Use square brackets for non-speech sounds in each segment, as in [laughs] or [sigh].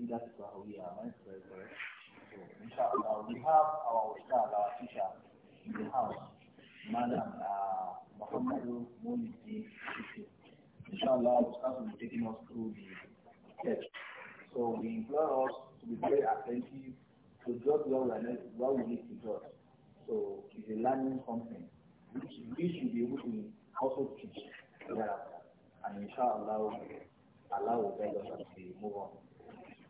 Sidat Bahawiya, my favorite. So, inshallah, we have our Ustala teacher in the house, Madam uh, Muhammad Muliti Inshallah, Ustaz will be taking us through the text. So, we implore us to be very attentive to judge what we need to judge. So, it's a learning something which we should be able to also teach thereafter. And inshallah, Allah will guide us as we move on.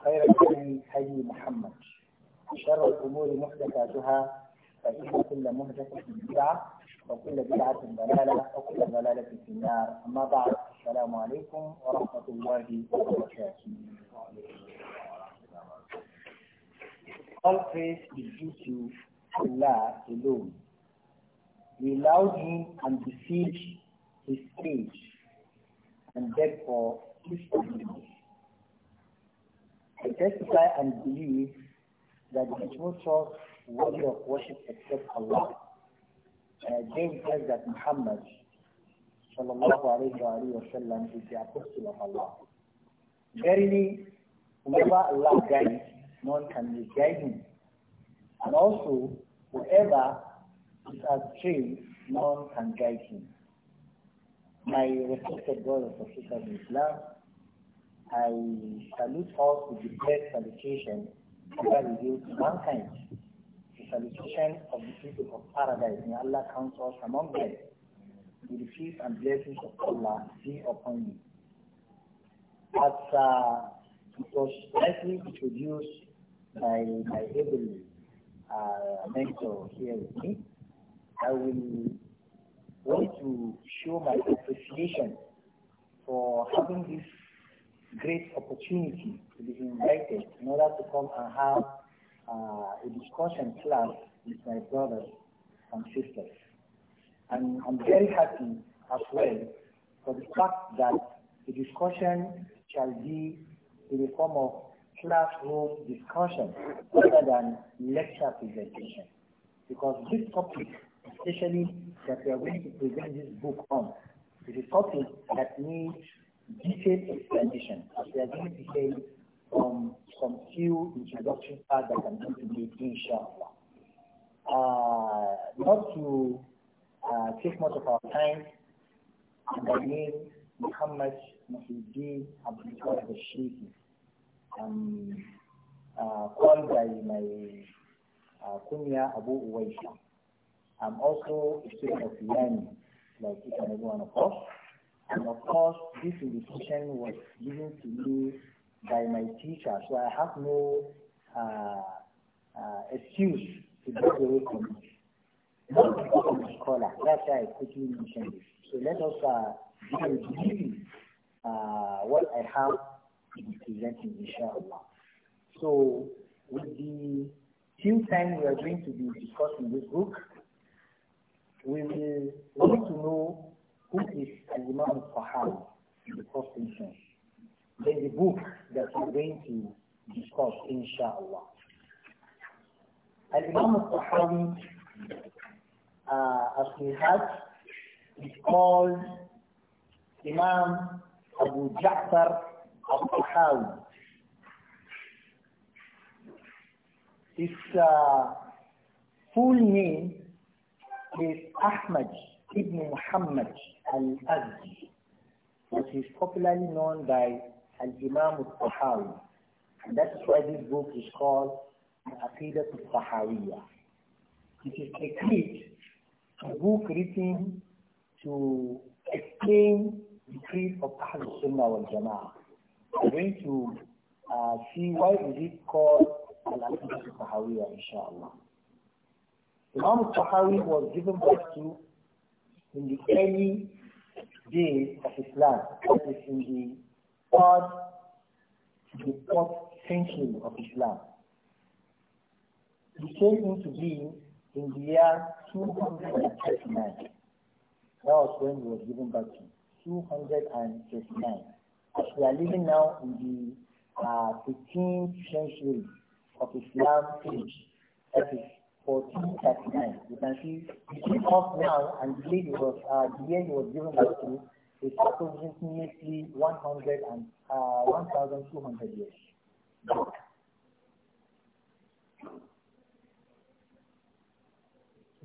وخير الهدي هدي محمد شر الأمور محدثاتها فإن كل محدثة بدعة وكل بدعة ضلالة وكل ضلالة في النار أما بعد السلام عليكم ورحمة الله وبركاته All praise is due to Allah alone. We allowed him and besieged his cage and therefore his forgiveness. I testify and believe that the no source worthy of worship except Allah. Uh, James says that Muhammad sallallahu alayhi wa, alayhi wa sallam, is the apostle of Allah. Verily, whoever Allah guides, none can guide him. And also, whoever is astray, none can guide him. My respected brothers and sisters in Islam, I salute all with the best salutation that reveals mankind, the salutation of the people of paradise. May Allah count us among them. May the peace and blessings of Allah be upon you. As uh, it was rightly introduced by my able uh, mentor here with me, I will want to show my appreciation for having this great opportunity to be invited in order to come and have uh, a discussion class with my brothers and sisters. And I'm very happy as well for the fact that the discussion shall be in the form of classroom discussion rather than lecture presentation. Because this topic, especially that we are going to present this book on, is a topic that needs detailed explanation. We are going to say from some few introduction parts that I'm going to make, inshallah. Uh, not to uh, take much of our time, My name Muhammad Muhyiddin Abdul al Sheikh. I'm called by my uh, kunya Abu Uwaisa. I'm also a student of Yami, like each and every one of us. And of course, this invitation was given to me by my teacher, so I have no uh, uh, excuse to go away from it. Not because I'm a scholar, that's why I quickly mentioned this. So let us uh, review uh, what I have in presenting, inshallah. So, with the few time we are going to be discussing this book, we will in the first instance. Then the book that we're going to discuss, inshallah. Al-Imam al-Tahawi, uh, as we had, is called Imam Abu Ja'far al-Tahawi. His uh, full name is Ahmad ibn Muhammad al-Azdi which is popularly known by Al-Imam al-Tahawi. And that's why this book is called Al-Aqidah al-Tahawiyya. It is a treat, a book written to explain the creed of Ahlul Sunnah wal Jama'ah. We're going to uh, see why is it called Al-Aqidah al-Tahawiyya, inshallah. Imam al-Tahawi was given birth to in the early day of Islam, that is in the third to the fourth century of Islam. It came into being in the year 239. That was when he was given birth to. 239. As we are living now in the uh, 15th century of Islam age, that is 1439. You can see it off now and the year it was, uh, the year it was given birth to is approximately 1,200 uh, years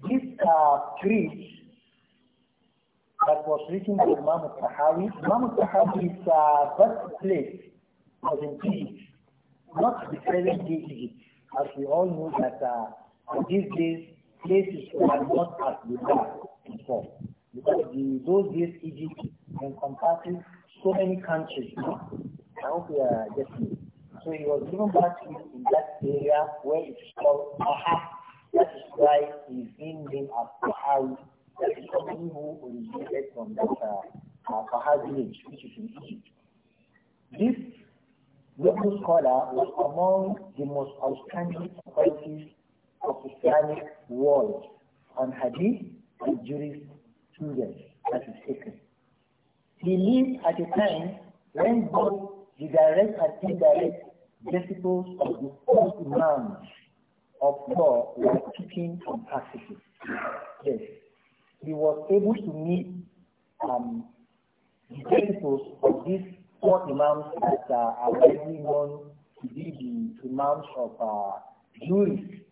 This tree uh, that was written by Imam al-Tahawi, Imam al-Tahawi's place uh, birthplace was in Egypt, not the present day Egypt, as we all know that and these days, places are not as they were before. Because the, those days, Egypt encompasses so many countries. I hope you are getting it. So he was given back to in that area where it's called Ahab. That is why he's been named as Ahab. That is somebody who originated from that uh, uh, Ahab village, which is in Egypt. This local scholar was among the most outstanding scholars of Islamic world on hadith and jurisprudence that is taken. He lived at a time when both the direct and indirect principles of the first imams of law were taken from practices. Yes, he was able to meet um, the principles of these four imams that uh, are widely known to be the imams of uh, jurists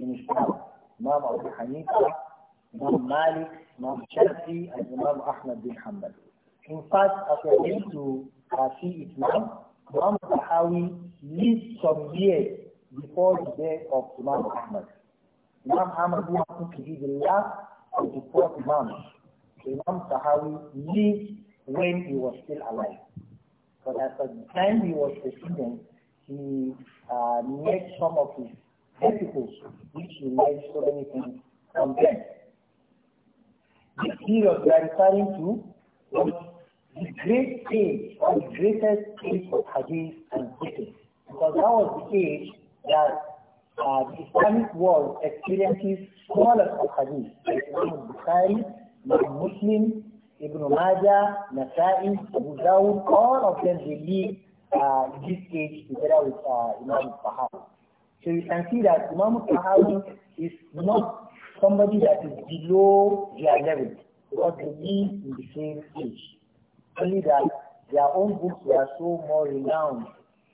in Imam Abu Hanifa, Imam Malik, Imam Shafi, and Imam Ahmad bin Hanbal. In fact, according to Rafi uh, Islam, Imam Tahawi lived some years before the death of Imam Ahmad. Imam Ahmad happened to be the last of the four Imams. Imam Tahawi lived when he was still alive. But at the time he was president, he uh, made some of his Epicles, which relies so many things on them. This period we are referring to was the great age or the greatest age of Hadith and Fiqh. Because that was the age that uh, the Islamic world experiences scholars of Hadith, like Imam Bukhari, Imam Muslim, Ibn Majah, Nasa'i, Abu Dawud, all of them they live uh, this age together with uh, Imam Baha'i. So you can see that Imam Tahawi is not somebody that is below their level because they live in the same age. Only that their own books were so more renowned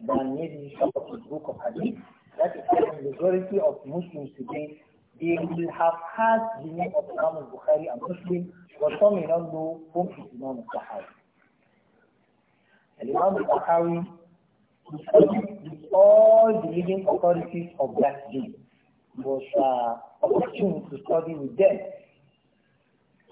than maybe some of the book of Hadith. That is why the majority of Muslims today they will have heard the name of Imam al-Bukhari and Muslim, but some may not know whom is Imam al-Tahawi. And Imam al-Tahawi, he studied the all the leading authorities of that day. It was uh, opportune to study with them.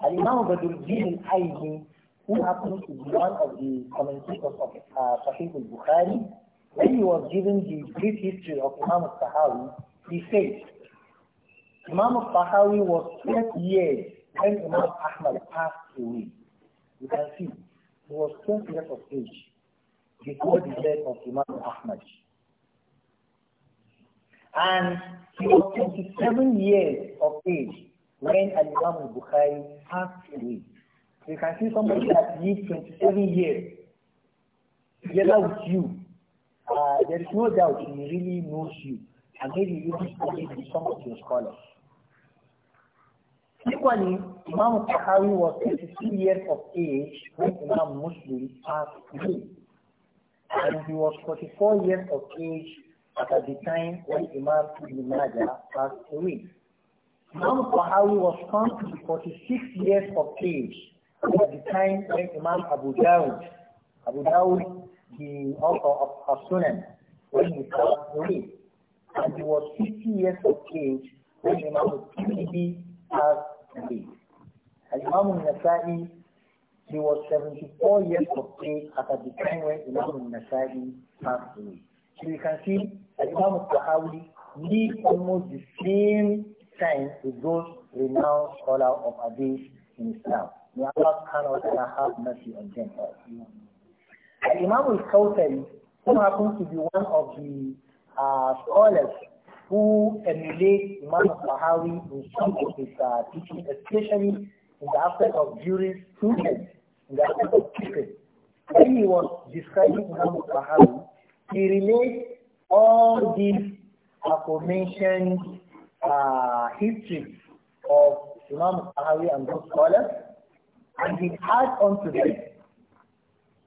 And Imam Badruddin al-Aini, who happened to be one of the commentators of uh, Sahih al-Bukhari, when he was giving the brief history of Imam al-Sahawi, he said, Imam al-Sahawi was 20 years when Imam Ahmad passed away. You can see, he was 20 years of age before the death of Imam Ahmad. And he was 27 years of age when Al-Imam al-Bukhari passed away. You can see somebody that lived 27 years together with you. Uh, there is no doubt he really knows you. And maybe you can him with some of your scholars. Equally, Imam Bukhari was 23 years of age when Imam Muslim passed away. And he was 44 years of age at the time when Imam Ibn Majah passed away. Imam Bahawi was found to be 46 years of age at the time when Imam Abu Dawud, Abu Dawud, the author of Sunan, when he passed away. And he was 50 years of age when Imam Tirmidhi passed away. And Imam Nasa'i, he was 74 years of age at the time when Imam Nasa'i passed away. So you can see Imam Tahawi lived almost the same time with those renowned scholars of Hadith in Islam. May Allah ta'ala have mercy on them all. Imam al-Kawthari, who happens to be one of the uh, scholars who emulate Imam Tahawi in some of his uh, teaching, especially in the aspect of jurisprudence, in the aspect of teaching. When he was describing Imam Tahawi, he relates all these aforementioned uh, histories of Imam Sahawi and those scholars, and he had on to them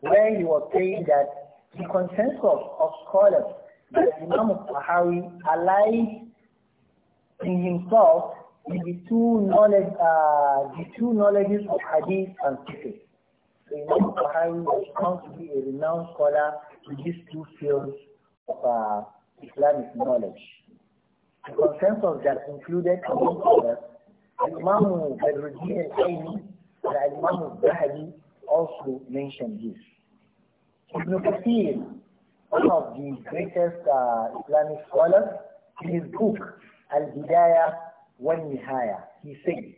where he was saying that the consensus of scholars that Imam Sahawi allied in himself in the two knowledge, uh, the two knowledges of hadith and fiqh. So Imam Bukhari was found to be a renowned scholar in these two fields of uh, Islamic knowledge. The consensus that included among others Imam Badruddin al-Aini and Imam al also mentioned this. Ibn Kathir, one of the greatest uh, Islamic scholars, in his book Al-Bidayah wa Nihaya, he said,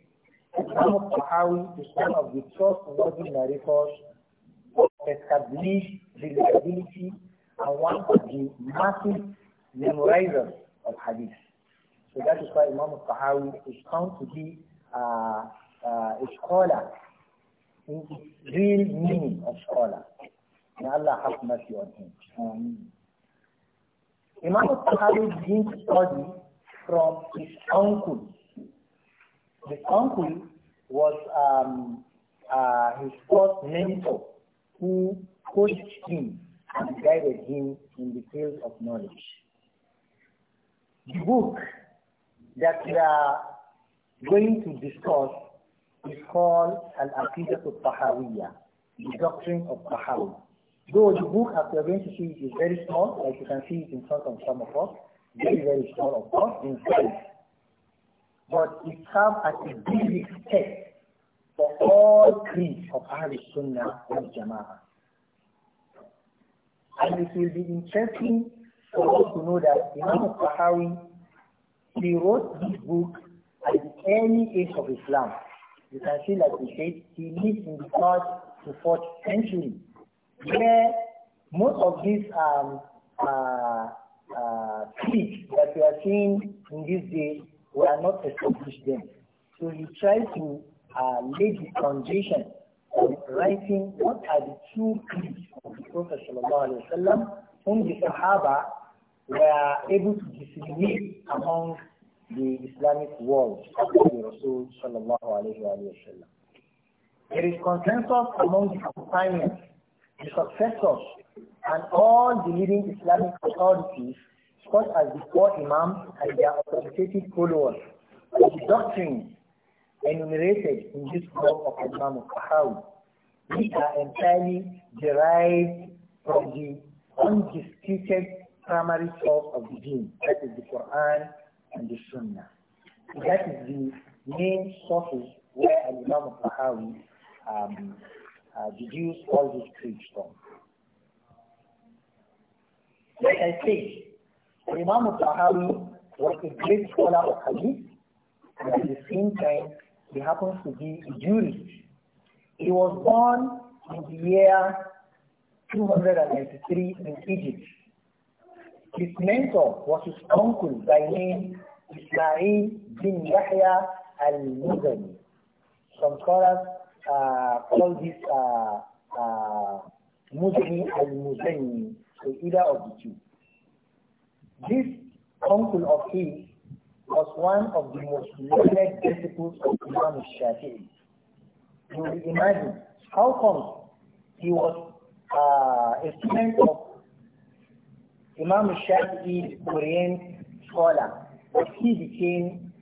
Imam al-Tahawi is one of the trustworthy narrators established reliability are one of the massive memorizers of hadith. So that is why Imam al-Tahawi is found to be uh, uh, a scholar in the real meaning of scholar. May Allah have mercy on him. Um, Imam al-Tahawi begins to study from his uncle. His uncle was um, uh, his first mentor who coached him and guided him in the field of knowledge. The book that we are going to discuss is called Al-Aqidah al-Tahawiyya, the doctrine of Tahawi. Though the book, as we are going to see, is very small, like you can see it in front of some of us, very, very small, of course, in size. But it serves as a basic text for all creeds of our Sunnah and Jama'ah. And it will be interesting for us to know that Imam Sahawi, he wrote this book at the early age of Islam. You can see, like we said, he lived in the third to fourth century, where most of these um, uh, uh, that we are seeing in this day were not established then. So he tried to uh, lay the foundation of writing what are the true creeds of the Prophet وسلم, whom the Sahaba were able to disseminate among the Islamic world after the Rasul sallallahu alayhi wa sallam. There is consensus among the companions, the successors, and all the leading Islamic authorities, such as the four imams and their authoritative followers, the doctrine enumerated in this book of Imam Qahawi, these are entirely derived from the undisputed primary source of the deen, that is the Quran and the Sunnah. So that is the main sources where Imam Qahawi um, uh, deduced all his creeds from. Like I say, Imam Qahawi was a great scholar of hadith and at the same time he happens to be Jewish. He was born in the year 293 in Egypt. His mentor was his uncle by name Ismail bin Yahya al-Muzani. Some scholars uh, call this uh, uh, Muzani al-Muzani, so either of the two. This uncle of his was one of the most learned disciples of Imam Shafi'i. You will imagine how comes he was uh, a student of Imam Shafi'i, Orient scholar, but he became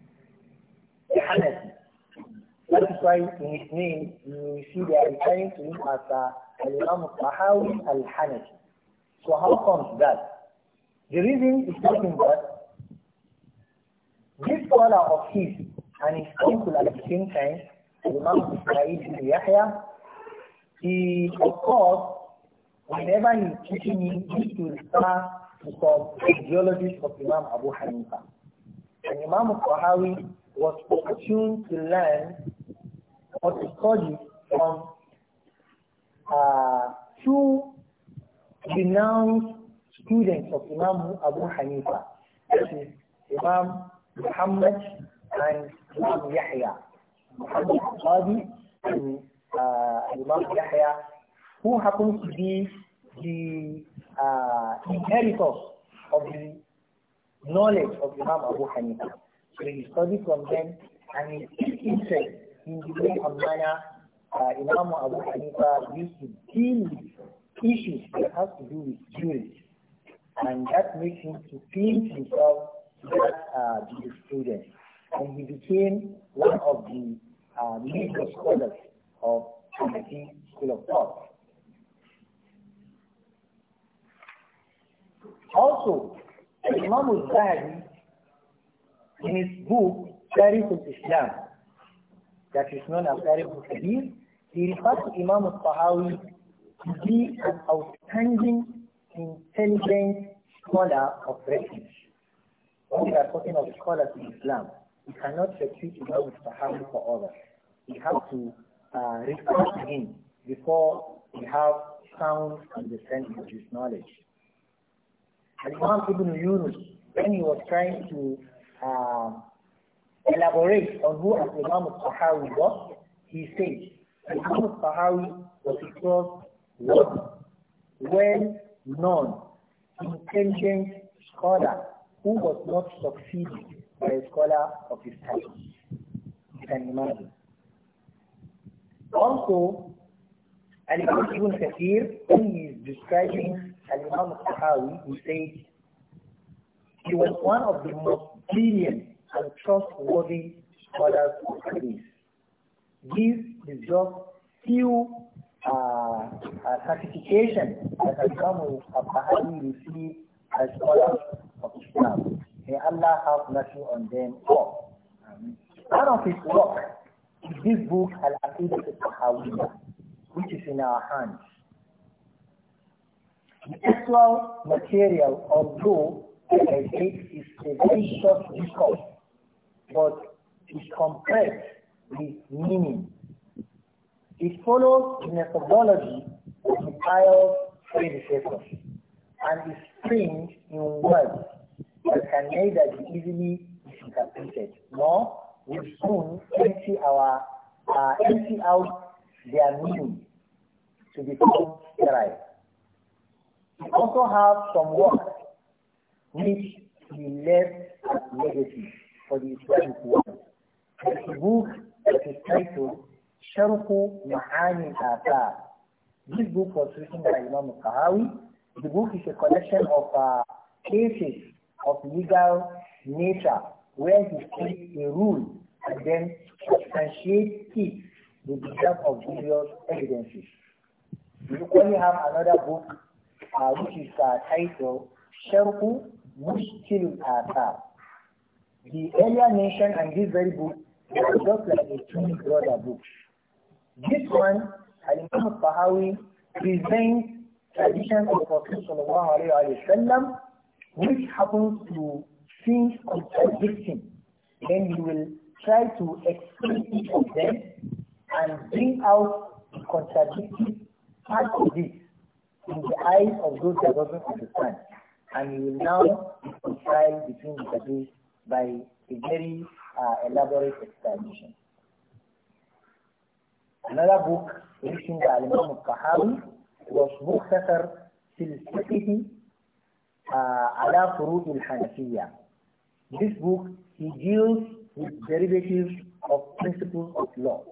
a Hanafi. That is why in his name you see they are referring to him as uh, Al-Imam Tahawi Al-Hanafi. So how comes that? The reason is nothing but This scholar of his and his uncle at the same time, Imam Ismail ibn Yahya, he, of course, whenever he's teaching him, he to refer to some ideologies of Imam Abu Hanifa. And Imam Qahawi was opportune to learn or to study from uh, two renowned students of Imam Abu Hanifa, that is Imam Muhammad and Imam Yahya. Muhammad Qadi and uh, Imam Yahya, who happens to be the uh, inheritor of the knowledge of Imam Abu Hanifa. So he studied from them and he took interest in the way and manner uh, Imam Abu Hanifa used to deal with issues that have to do with juries. And that makes him to think himself uh, the student, And he became one of the uh, major scholars of the School of Thought. Also, Imam al-Zahri, in his book, Tarikh al-Islam, that is known as Tarikh al-Kabir, he refers to Imam al-Tahawi to be an outstanding, intelligent scholar of refuge. When we are talking of scholars in Islam, we cannot retreat Imam with Sahabi for others. We have to uh, to him before we have sound understanding of his knowledge. And Imam Ibn Yunus, when he was trying to uh, elaborate on who Imam al was, he said, Imam al was a close one, well-known, intelligent scholar who was not succeeded by a scholar of his time. You can imagine. Also, Al-Imam Ibn Kathir, when he is describing Al-Imam Sahawi, says, he was one of the most brilliant and trustworthy scholars of his. This is just few uh, uh, certification that Al-Imam Sahawi received as scholars Islam. May Allah have mercy on them all. Part of his work is this book, Al-Aqidah al which is in our hands. The actual material, although I think is a very short discourse, but is compressed with meaning. It follows the methodology of the pious predecessors and is framed in words that can neither be easily misinterpreted nor will soon empty our uh, empty out their meaning to become sterile. We also have some work which we left as legacy for the Islamic world. The book that is titled Sharhu Mahani Athar. This book was written by Imam Qahawi. The book is a collection of uh, cases of legal nature where he creates a rule and then substantiates it with the help of various evidences. We equally have another book uh, which is uh, titled Sharku Mushkil Athar. The earlier mentioned and this very book is just like a twin brother book. This one, Al-Imam al presents tradition of Prophet Sallallahu Alaihi Wasallam which happens to things contradicting, then you will try to explain each of them and bring out the contradictory part of this in the eyes of those that doesn't understand. And you will now reconcile between the two by a very uh, elaborate explanation. Another book written by Imam al was Mukhtasar Fil Fiqh uh, ala furu'il hanafiya this book he deals with derivatives of principles of law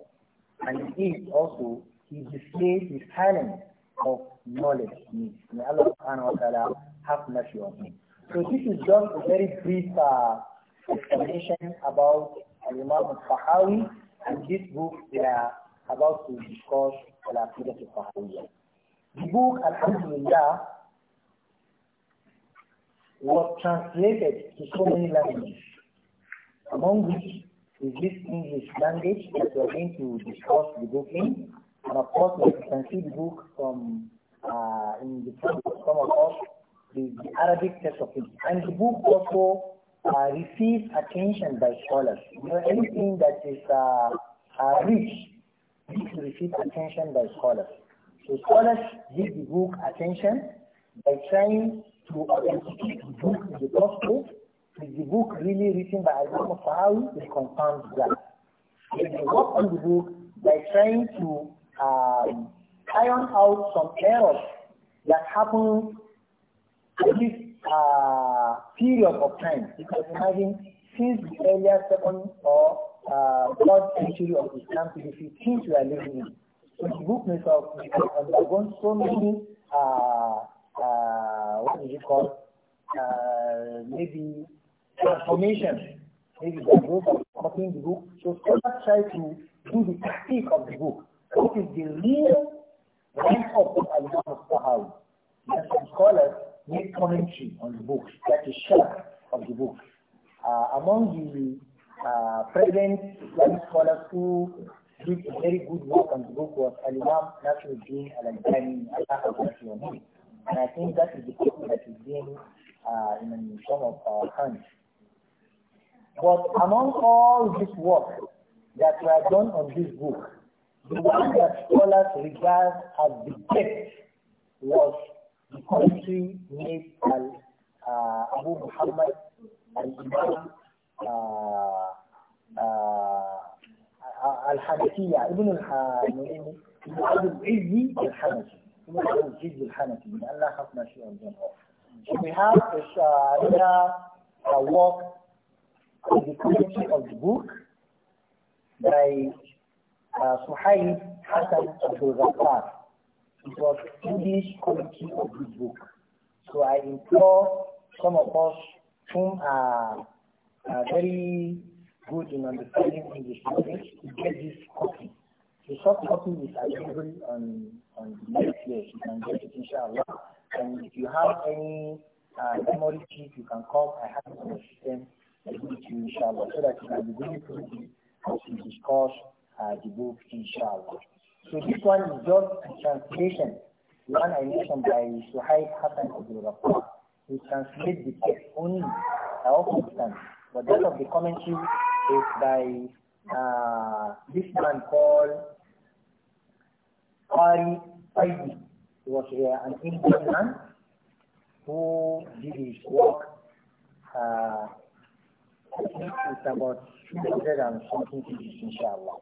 and it also he displays his talent of knowledge May Allah subhanahu wa ta'ala have mercy on him. So this is just a very brief uh, explanation about Imam al-Fahawi and this book we are about to discuss Al-Aqidah al-Fahawiyya. The book, Alhamdulillah, was translated to so many languages, among which is this English language that we are going to discuss the book in. And of course, as you can see the book from uh, in the front of some of us, the, the Arabic text of it. And the book also uh, receives attention by scholars. You know, anything that is uh, uh, rich needs to receive attention by scholars. So scholars give the book attention by trying to authenticate the book, the gospel, is the book really written by Imam Sahawi? It confirms that. If you work on the book by trying to um, iron out some errors that happened at this uh, period of time, because imagine since the earlier second or uh, third century of Islam to the 15th we are living in. the book itself have undergone so many uh, uh, what do you call, maybe transformation, maybe the growth of copying the book. So scholars try to do the critique of the book. What is the real rank of the Imam al-Sahawi? And some scholars make commentary on the book, that is share of the book. Uh, among the uh, present Islamic scholars who did a very good work on the book was al Nasruddin al-Albani, Allah al and I think that is the problem that is being uh, in some of our hands. But among all this work that we have done on this book, the one that scholars regard as the best was the country made by uh, Abu Muhammad al-Imam uh, uh, al-Hanafiya, Ibn al-Hanafiya, Ibn al-Izzi al-Hanafi. Imam Al-Jid Al-Hanafi, may Allah have mercy on them So we have a Sharia uh, work in the community of the book by uh, Suhaib Hassan Abdul Ghaffar. It was English community of this book. So I implore some of us whom are, are very good in understanding English language to get this copy. The short copy is available on on next day. You can get it, inshallah. And if you have any uh, memory chip, you can call. I have it on the system. I give it to you, inshallah, so that you can be very quickly as discuss uh, the book, inshallah. So this one is just a translation. The one I mentioned by Suhaib Hassan Abdul Rafa. He translates the text only. I also understand. But that of the commentary is by uh, this man called I was here, an Indian man who did his work. Uh, I think it's about 200 and something pages, inshallah.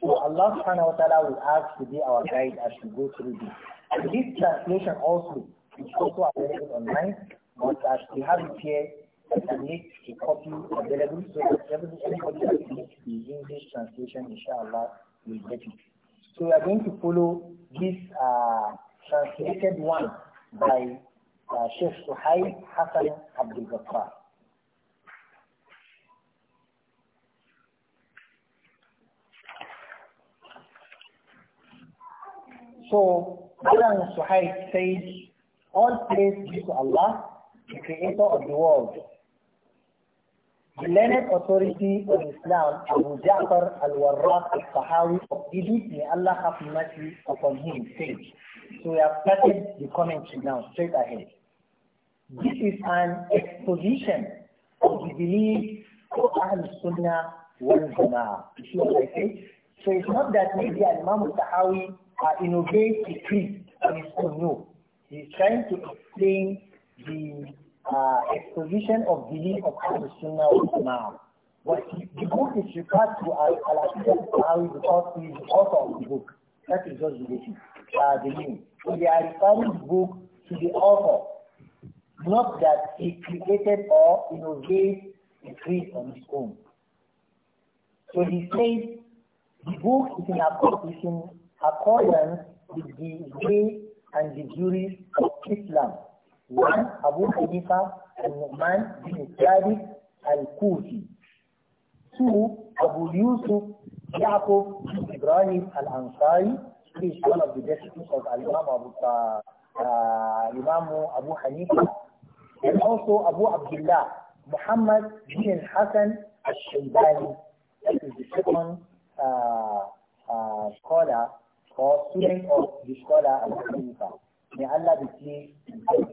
So Allah subhanahu wa ta'ala will ask to be our guide as we go through this. And this translation also is also available online, but as we have it here, I can make a copy available so that everybody that needs the English translation, inshallah, will get it. So we are going to follow this uh, translated one by uh, Sheikh Suhail Hassan Abdul Ghaffar. So Alan Suhail says, all praise be to Allah, the creator of the world, the learned authority of Islam, Abu Ja'far al-Warraq al-Sahawi of Egypt, may Allah have mercy upon him, says. So we have started the commentary now, straight ahead. This is an exposition of the belief of al sunnah wal You see what I say? So it's not that maybe Imam al-Sahawi uh, innovates the creed on his own, no. He's trying to explain the uh, exposition of belief of Ahlul Sunnah wal Jama'ah. But the book is referred to as Al-Aqidah because he is the author of the book. That is just related, uh, the name. So they are referring the book to the author, not that he created or innovated a creed on his own. So he says the book is in accordance, accordance with the way and the duties of Islam وعن أبو حنيفة النعمان بن ثابت الكوفي تو أبو يوسف يعقوب بن إبراهيم الأنصاري who is one of the descendants of Imam Abu Imam Abu Hanifa, and also Abu Abdullah Muhammad bin Hassan al-Shaybani. That is the second uh, uh, scholar or student of the scholar Abu Hanifa. may Allah be pleased with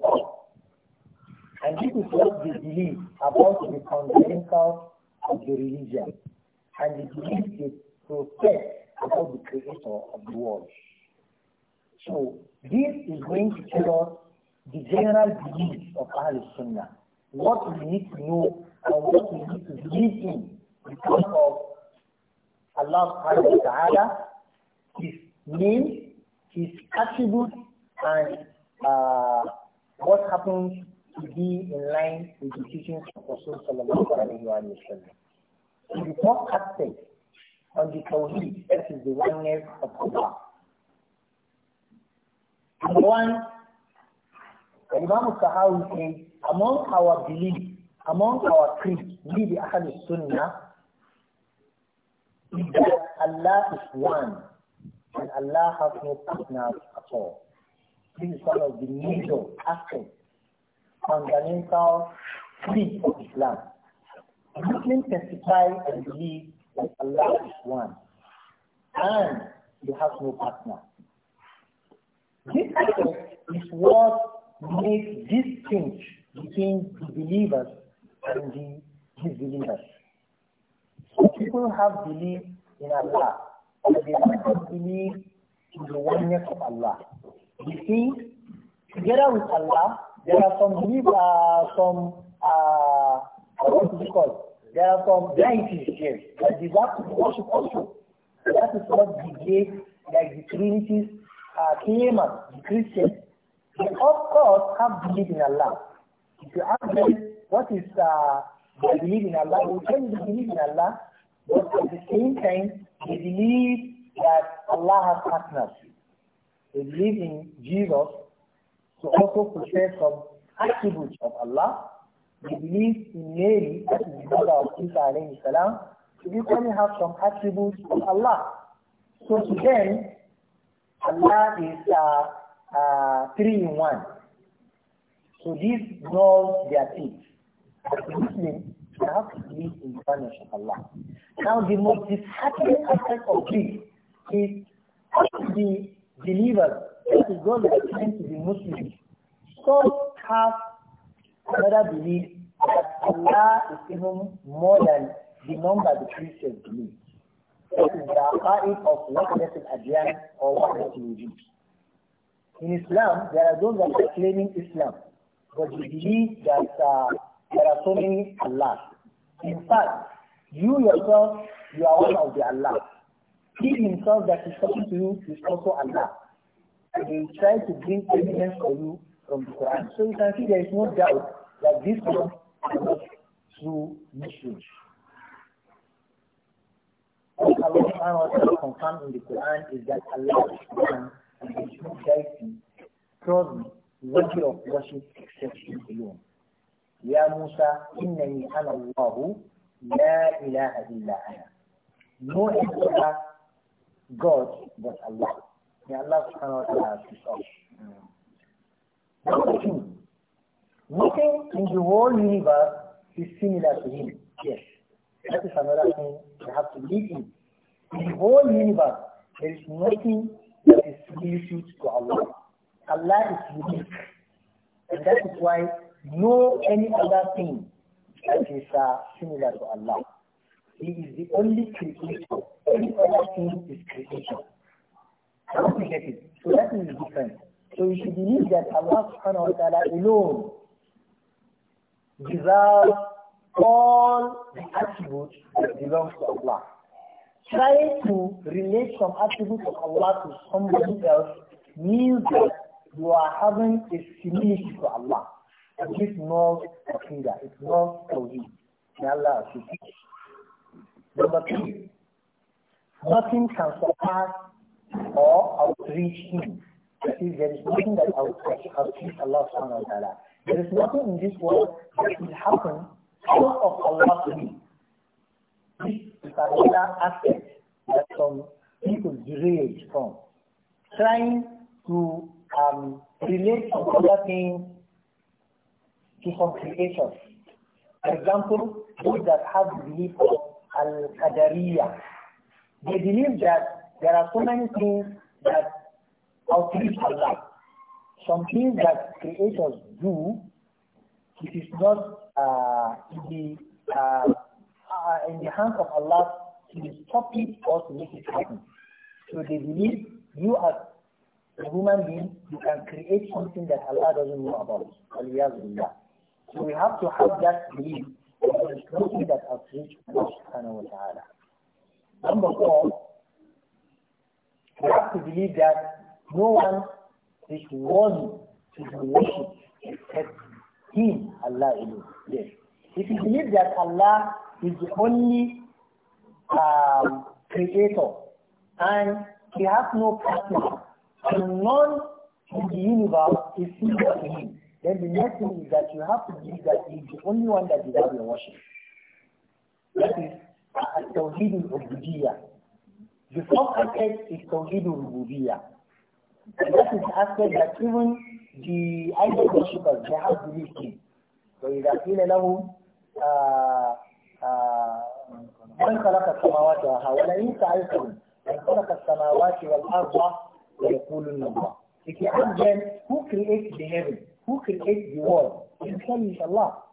And this is what they believe about the fundamental of the religion and the belief they profess about the creator of the world. So this is going to tell us the general beliefs of Ahl Sunnah, what we need to know and what we need to believe in because of Allah subhanahu wa ta'ala, his name, his attributes, and uh, what happens to be in line with the of Rasul Sallallahu Alaihi Wasallam. So the first aspect on the Tawheed, that is the oneness of Allah. Number one, Imam Sahawi says, among our belief, among our creed, we the Ahlul Sunnah, is that Allah is one and Allah has no partners at all. This is one of the major aspects, fundamental creed of Islam. Muslims testify and believe that Allah is one, and you have no partner. This aspect is what makes this change between the believers and the disbelievers. So people have belief in Allah, but they don't believe in the oneness of Allah see together with Allah, there are some uh, some uh, what is it called? There are some deities here that deserve to be worshipped also. That is what negates like the Trinity's uh, claimants, the Christians. They of course have belief in Allah. If you ask them what is uh, they belief in Allah, they will tell you they believe in Allah, but at the same time they believe that Allah has partners. They believe in Jesus to also possess some attributes of Allah. They believe in Mary, that is the mother of Isa alayhi salam, to equally have some attributes of Allah. So to them, Allah is uh, uh, three in one. So this draws their teeth. As a Muslim, you have to believe in the oneness of Allah. Now the most disheartening aspect of this is the believers, that is those is claim to be Muslims, so have another belief that Allah is even more than the number the Christians believe. That is the aqa'id of what is adyan or wahdatul wujud. In Islam, there are those that are claiming Islam, but they believe that uh, there are so many Allahs. In fact, you yourself, you are one of the Allahs. He himself that is talking to you is also Allah. And he will to bring evidence for you from the Quran. So you can see there is no doubt that this one is not true Muslims. What Allah subhanahu wa ta'ala confirmed in the Quran is that Allah is one and there is no deity, trust worthy of worship except Him alone. Ya Musa, إنني أنا Allahu la ilaha illa Ana. No other God but Allah. May Allah subhanahu wa ta'ala assist us. Hmm. Number two, nothing in the whole universe is similar to him. Yes. That is another thing we have to believe in. In the whole universe, there is nothing that is similar to Allah. Allah is unique. And that is why no any other thing that is uh, similar to Allah. He is the only creator. Any other thing is creation. I want to get it. So that is different. So you should believe that Allah subhanahu wa ta'ala alone deserves all the attributes that belong to Allah. Trying to relate some attributes of Allah to somebody else means that you are having a similitude to Allah. And not a Aqidah, It's not Tawheed. May Allah assist you. Number two, nothing can surpass or outreach him. That is, there is nothing that outreaches outreach Allah subhanahu wa ta'ala. There is nothing in this world that will happen out of Allah's will. This is another aspect that some people derive from. Trying to um, relate some other things to some creation. For example, those that have the belief of Al-Qadariyah. They believe that there are so many things that outreach Allah. Some things that creators do, it is not uh, in, the, uh, uh, in the hands of Allah to stop it or to make it happen. So they believe you as a human being, you can create something that Allah doesn't know about. So we have to have that belief looking at Allah subhanahu wa ta'ala. Number four, we have to believe that no one is worthy to be worshipped except Him, Allah alone. Yes. If you believe that Allah is the only um, creator and He has no partner and none in the universe is similar to Him, then the next thing is that you have to believe that He is the only one that deserves your worship. That is التوحيد العبودية. The fourth aspect is توحيد الربوبية. And that is the aspect that even the idol worshippers, they have believed in. وإذا قيل لهم من خلق السماوات والأرض ولئن سألتهم من خلق السماوات والأرض ليقولن الله. If you ask them who creates the heaven, who creates the world, you tell me Allah.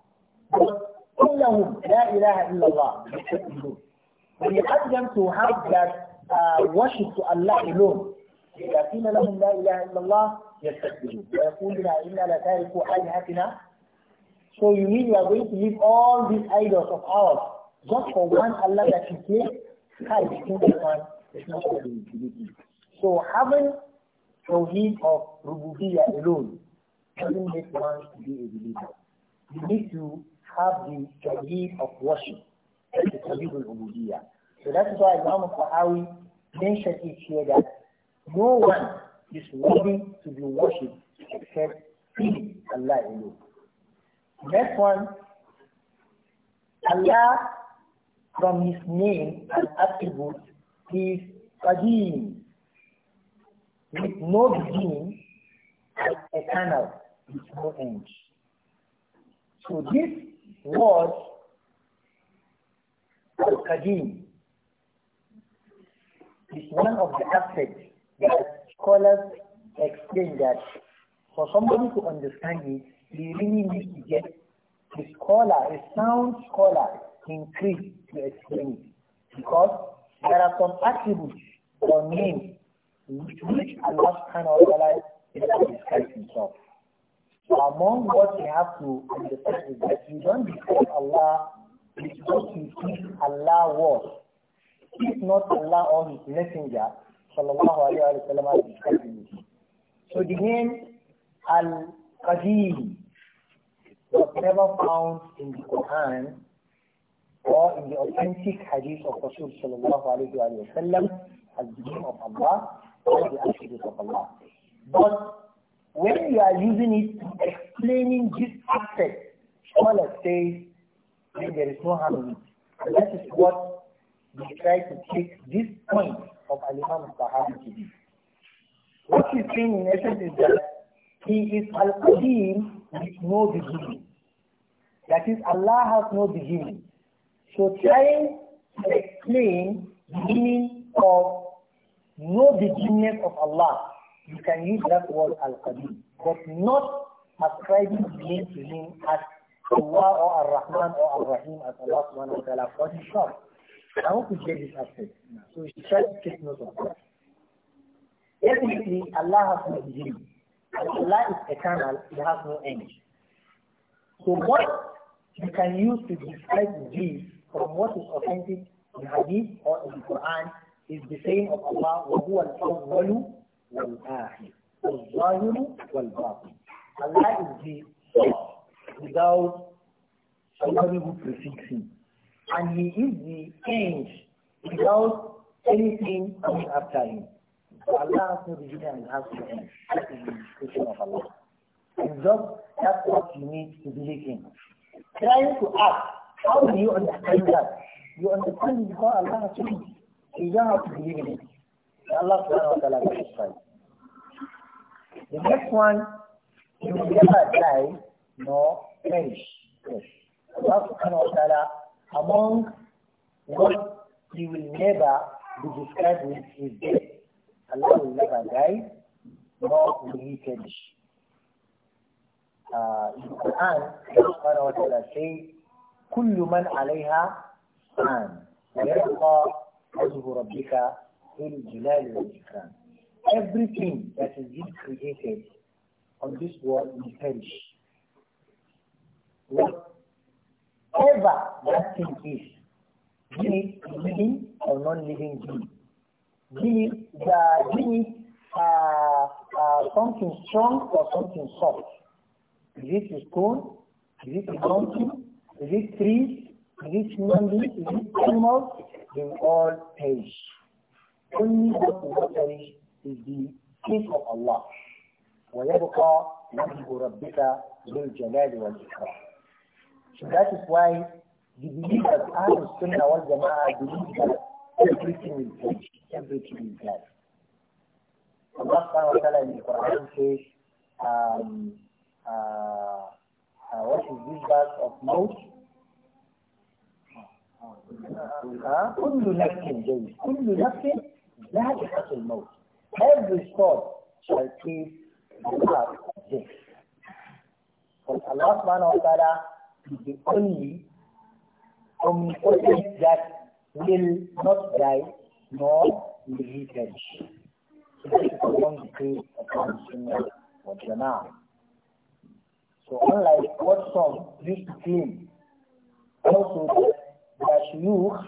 But كلهم لا إله إلا الله When you ask them to have that uh, worship to Allah alone, إذا قيل لهم لا إله إلا الله يستكبرون ويقولون إنا لتاركوا آلهتنا So you mean you are going to leave all these idols of ours just for one Allah that you say. Hi, it's not what you believe So having Tawheed of Rububiyyah alone doesn't make one to be a believer. You need to have the tawheed of worship, the tawheed of ubudiyya So that's why Imam Al-Qahawi mentioned it here that no one is worthy to be worshipped except Allah alone. Next one, Allah from his name and attributes is Qadim, with no beginning and eternal, with no end. So this was Al-Qadim is one of the aspects that scholars explain that for somebody to understand it, we really need to get a scholar, a sound scholar in Greek to explain it. Because there are some attributes or names which Allah subhanahu wa ta'ala is describing himself. Among what you have to understand is that you don't declare Allah because you think Allah was. If not Allah or His Messenger, sallallahu alayhi wa sallam, So the name Al-Qadim was never found in the Quran or in the authentic hadith of Rasul sallallahu alayhi wa sallam as the name of Allah or the attributes of Allah. But when you are using it to explaining this aspect, scholars say then there is no harm in it. And that is what we try to take this point of Al-Imam Sahabi to be. What he's saying in essence is that he is Al-Qadim with no beginning. That is, Allah has no beginning. So trying to explain the meaning of no beginning of Allah you can use that word Al-Qadim, but not ascribing the name to him as Allah or Ar-Rahman or Ar-Rahim as Allah subhanahu wa ta'ala for the short. I want to get this aspect. So we try to take note of that. Definitely, Allah has no beginning. And Allah is eternal, He has no end. So what you can use to describe this from what is authentic in Hadith or in the Quran is the saying of Allah, وَهُوَ الْأَوَّلُ Allah is the without somebody who precedes him. And he is the end without anything coming after him. Allah has no beginning and has no end. That is the description of Allah. And thus, that's what you need to believe in. Trying to ask, how do you understand that? You understand it because Allah has changed. You don't have to believe in it. Allah subhanahu wa ta'ala will destroy. The next one, you will never die nor perish. Yes. Allah subhanahu wa ta'ala, among what you will never be described with is death. Allah will never die nor will he perish. Uh, in Quran, Allah subhanahu wa ta'ala says, كل من عليها فان ويبقى Everything that is being created on this world will perish. Whatever that thing is, be it living or non-living being, be it, uh, be it uh, uh, something strong or something soft, is it a stone, is it a mountain, is it trees, is it human beings, is it animals, they all perish only what will perish is the peace of Allah. ويبقى وجه ربك للجلال والإكرام. So that is why the believers are the Sunnah the Jama'ah believe that everything will change, everything will change. Allah subhanahu wa ta'ala in the Quran says, um, uh, uh, what is this verse of Maut? Uh, uh, uh, كل نفس جيد كل نفس ذلك الموت. Every soul shall taste the last this, For Allah subhanahu wa ta'ala is the only omnipotent that will not die nor will he perish. This is one decree upon Sunnah or So unlike what some used to claim, also that the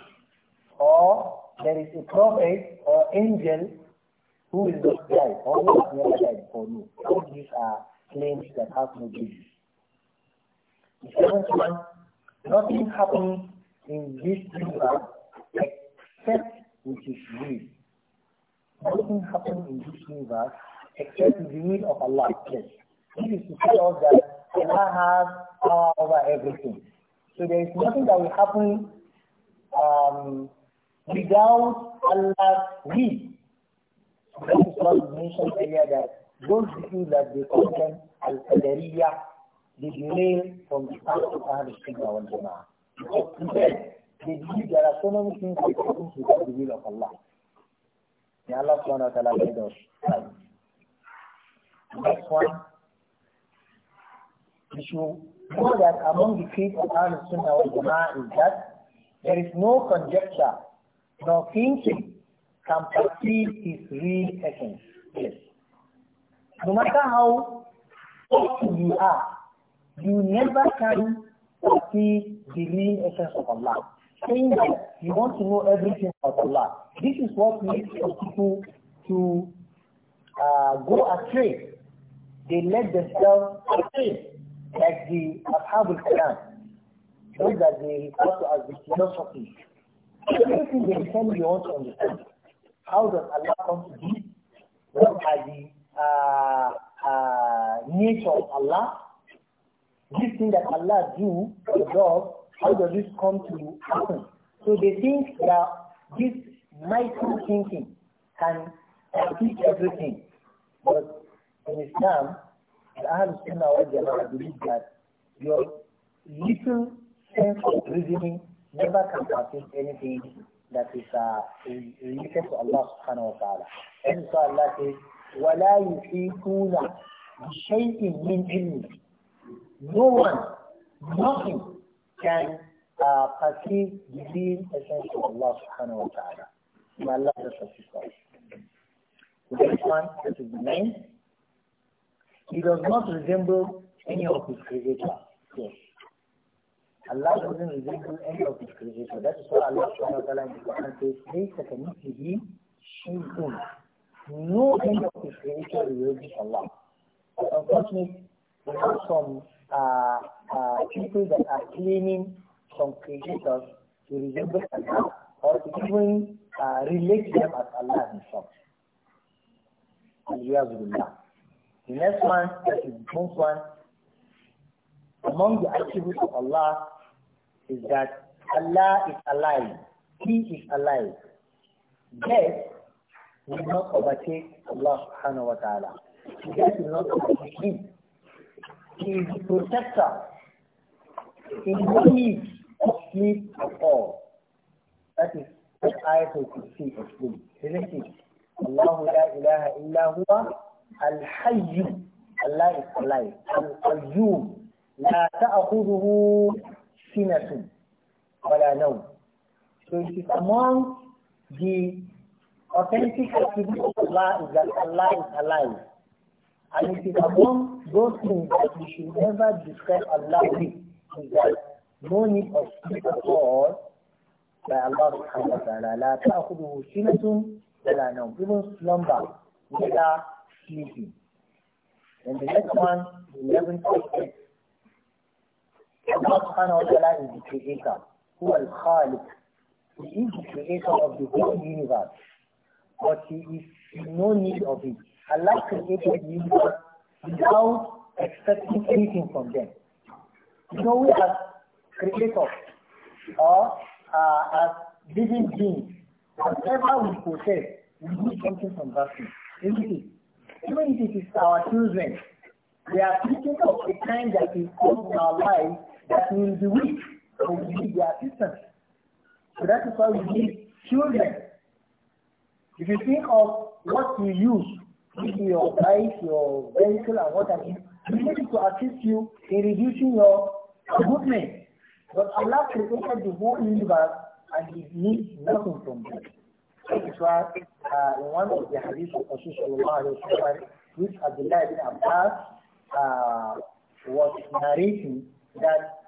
or there is a prophet or angel who is not died or who has never died for you. All these are claims that have no basis. The seventh one, nothing happens in this universe except which is will. Nothing happens in this universe except the will of Allah. Yes. This is to tell us that Allah has power over everything. So there is nothing that will happen um, without Allah's will. That is what mentioned earlier that those people that they call them Al-Qadariyya, they derail from the time of Ahlul Sunnah our Jama'ah. Because they believe there are so many things that happen without the will of Allah. May Allah subhanahu wa ta'ala guide us. Next one, we should know that among the creed of Ahlul Sunnah wal Jama'ah is that there is no conjecture no, thinking can perceive its real essence. Yes. No matter how awesome you are, you never can perceive the real essence of Allah. Saying that you want to know everything about Allah. This is what leads people to uh, go astray. They let themselves astray, like the Ashab al-Quran, those that they refer to as the philosophy. Everything they tell you also understand. How does Allah come to be? What are the uh, uh, nature of Allah? This thing that Allah do, the dog, how does this come to happen? So they think that this micro thinking can teach everything. But in Islam, the Ahlul Sunnah believe that your little sense of reasoning never can partake anything that is uh, related to Allah subhanahu wa ta'ala. And so Allah says, وَلَا يُحِيطُونَ بِشَيْءٍ مِّنْ عِلْمِ No one, nothing can uh, partake the real essence of Allah subhanahu wa ta'ala. May Allah bless us The next one, this is the name. He does not resemble any of his creators. Yes. Allah doesn't resemble any of his creation. That is why Allah subhanahu wa ta'ala in the Quran says, لَيْسَ كَمِثْلِهِ شَيْءٌ No end of his creation resembles Allah. But unfortunately, we have some uh, uh, people that are claiming some creatures to resemble Allah or to even uh, relate them as Allah himself. We have The next one, that is the most one, among the attributes of Allah is that Allah is alive. He is alive. Death will not overtake Allah subhanahu wa ta'ala. Death will not overtake him. He is the protector. He is of sleep at all. That is what Ayatul Kursi sleep Isn't it? Allah la ilaha illa huwa al alive Allah is alive. Al-qayyum. لا تأخذه سنة ولا نوم. so it is among the authentic attributes of Allah is that Allah is alive and it is among those things that we should never describe Allah with is that no need of sleep at all by Allah subhanahu wa ta'ala لا تأخذه سنة ولا نوم. even slumber without sleeping and the next one, 11th Allah subhanahu wa ta'ala is the creator, who is Khalik. He is the creator of the whole universe, but he is in no need of it. Allah created the universe without expecting anything from them. You know, we as creators or uh, as living beings, whatever we possess, we need something from that thing. Even if it is our children, we are thinking of a time that is come in our life that will be weak and we need their assistance. So that is why we need children. If you think of what you use, maybe your bike, your vehicle, and what have you, we need to assist you in reducing your movement. But Allah created the whole universe and He needs nothing from you. That is why uh, in one of the hadiths of Rasul which Abdullah ibn Abbas uh, was narrating that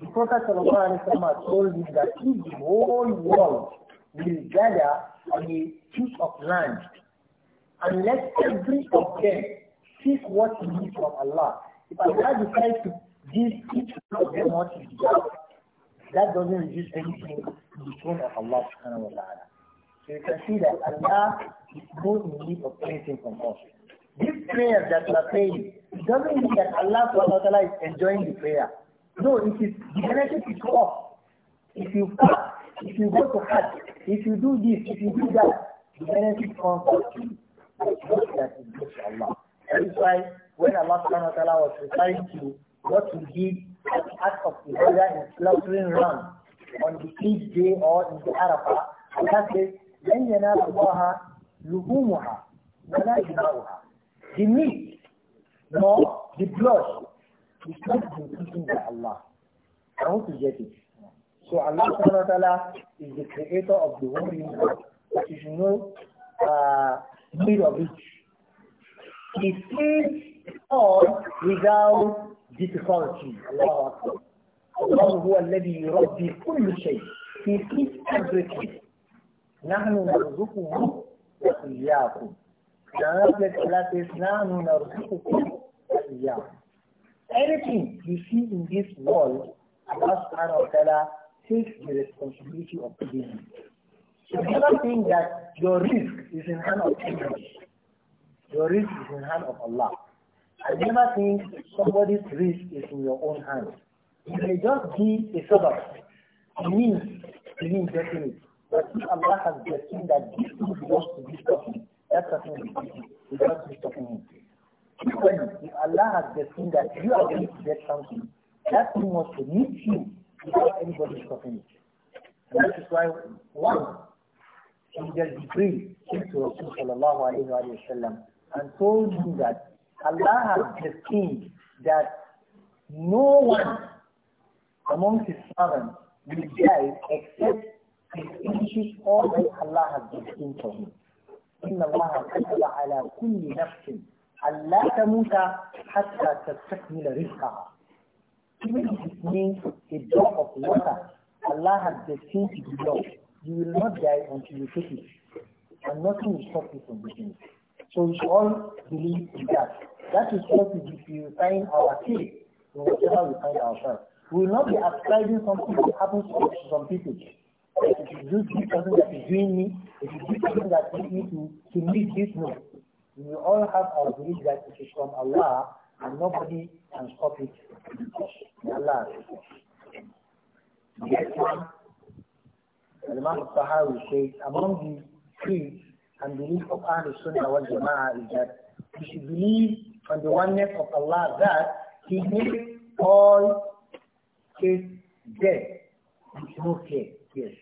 the Prophet told him that if the whole world will gather on a piece of land, and let every of them seek what he needs from Allah, if Allah decides to give each of them what he deserves, that doesn't reduce anything to the throne of Allah subhanahu wa ta'ala. So you can see that Allah is not in need of anything from us. This prayer that we are praying doesn't mean that Allah Taala is enjoying the prayer. No, it is the benefit is off. If you fast, if you go to Hajj, if you do this, if you do that, the benefit comes off. you. That is good to Allah. That is why when Allah subhanahu wa ta'ala was referring to what we did as act of ibadah in slaughtering ram on the eighth day or in the Arafah, Allah says, لن ينال الله لحومها ولا دماؤها the meat nor the blood is not been eaten by Allah. I want to get it. So Allah subhanahu wa ta'ala is the creator of the whole universe, There is no should uh, need of it. He sees all without difficulty. Allah Akbar. الله هو الذي يربي كل شيء في كيس Nothing you see in this world, has subhanahu wa ta'ala takes the responsibility of giving. So do not think that your risk is in hand of humans. Your risk is in hand of Allah. I never think somebody's risk is in your own hands. You may just be a servant. It means, it means getting it. But if Allah has destined that this thing belongs to this person, that's what we do. That's what we Even if Allah has destined that you are going to get something, that thing was to meet you without anybody stopping it. And that is why one in their decree came to Rasul sallallahu alayhi wa sallam and told him that Allah has destined that no one among his servants will die except he finishes all that Allah has destined for him. إن الله كتب على كل نفس أن لا تموت حتى تستكمل رزقها. Even if it means a drop of water, Allah has destined to be yours. You will not die until you take it. And nothing will stop you from doing it. So we should all believe in that. That is what we you find our faith in whatever we find ourselves. We will not be ascribing something that happens to some people. If it is this person that is doing me, if it is this person that leads me to, to meet this, no. We all have our belief that it is from Allah and nobody can stop it. Allah. The Next one, the Imam Tahawi says, among the creeds and belief of Ahlul Sunnah wal Jama'ah is that we should believe on the oneness of Allah that He makes all His dead with no care. Yes.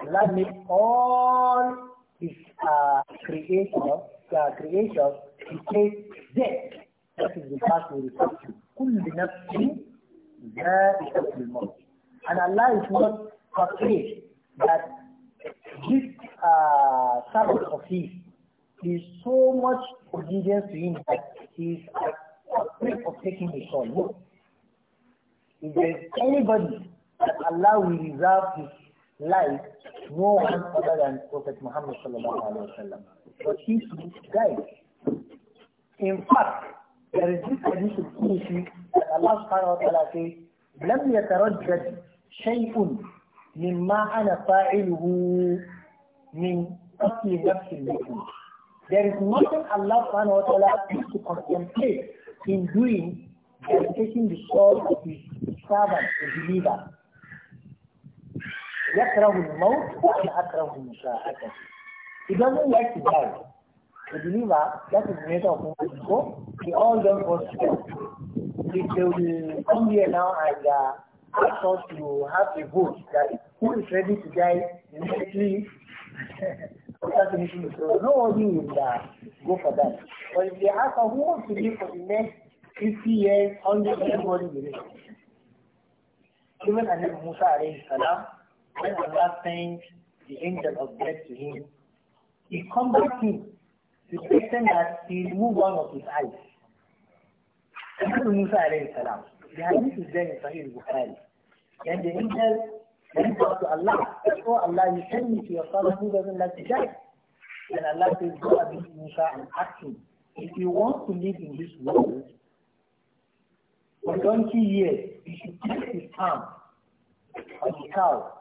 Allah made all his uh, creation, uh, creation, he said that. That is the past we refer to. كل نفس ذائقة الموت. And Allah is not afraid that this uh, servant of his is so much obedience to him that he is afraid of taking his soul. No. If there is anybody that Allah will reserve his like no one other than Prophet Muhammad sallallahu alaihi wasallam. But he died. In fact, there is this hadith that Allah subhanahu wa ta'ala says, لم يتردد شيء مما أنا فاعله من قتل نفس المؤمن. There is nothing Allah subhanahu wa ta'ala is to contemplate in doing and taking the soul of his servant, the believer. يكره الموت ويكره المشاهدة He doesn't like to die. The believer, that is the nature of human soul, we all don't want to die. They, will come here now and uh, ask us to have a vote that who is ready to die immediately [laughs] No one will uh, go for that. But if they ask who wants to live for the next 50 years, 100 years, nobody will live. Even Musa alayhi salam, when Allah sent the angel of death to him, he to him to pretend that he removed one of his eyes. And Musa alayhi salam. The hadith is there in Sahih Bukhari. Then the angel went up to Allah. Oh Allah, you send me to your father who doesn't like to die. And Allah says, go and meet Musa and ask him, if you want to live in this world, for 20 years, you should take his arm on the cow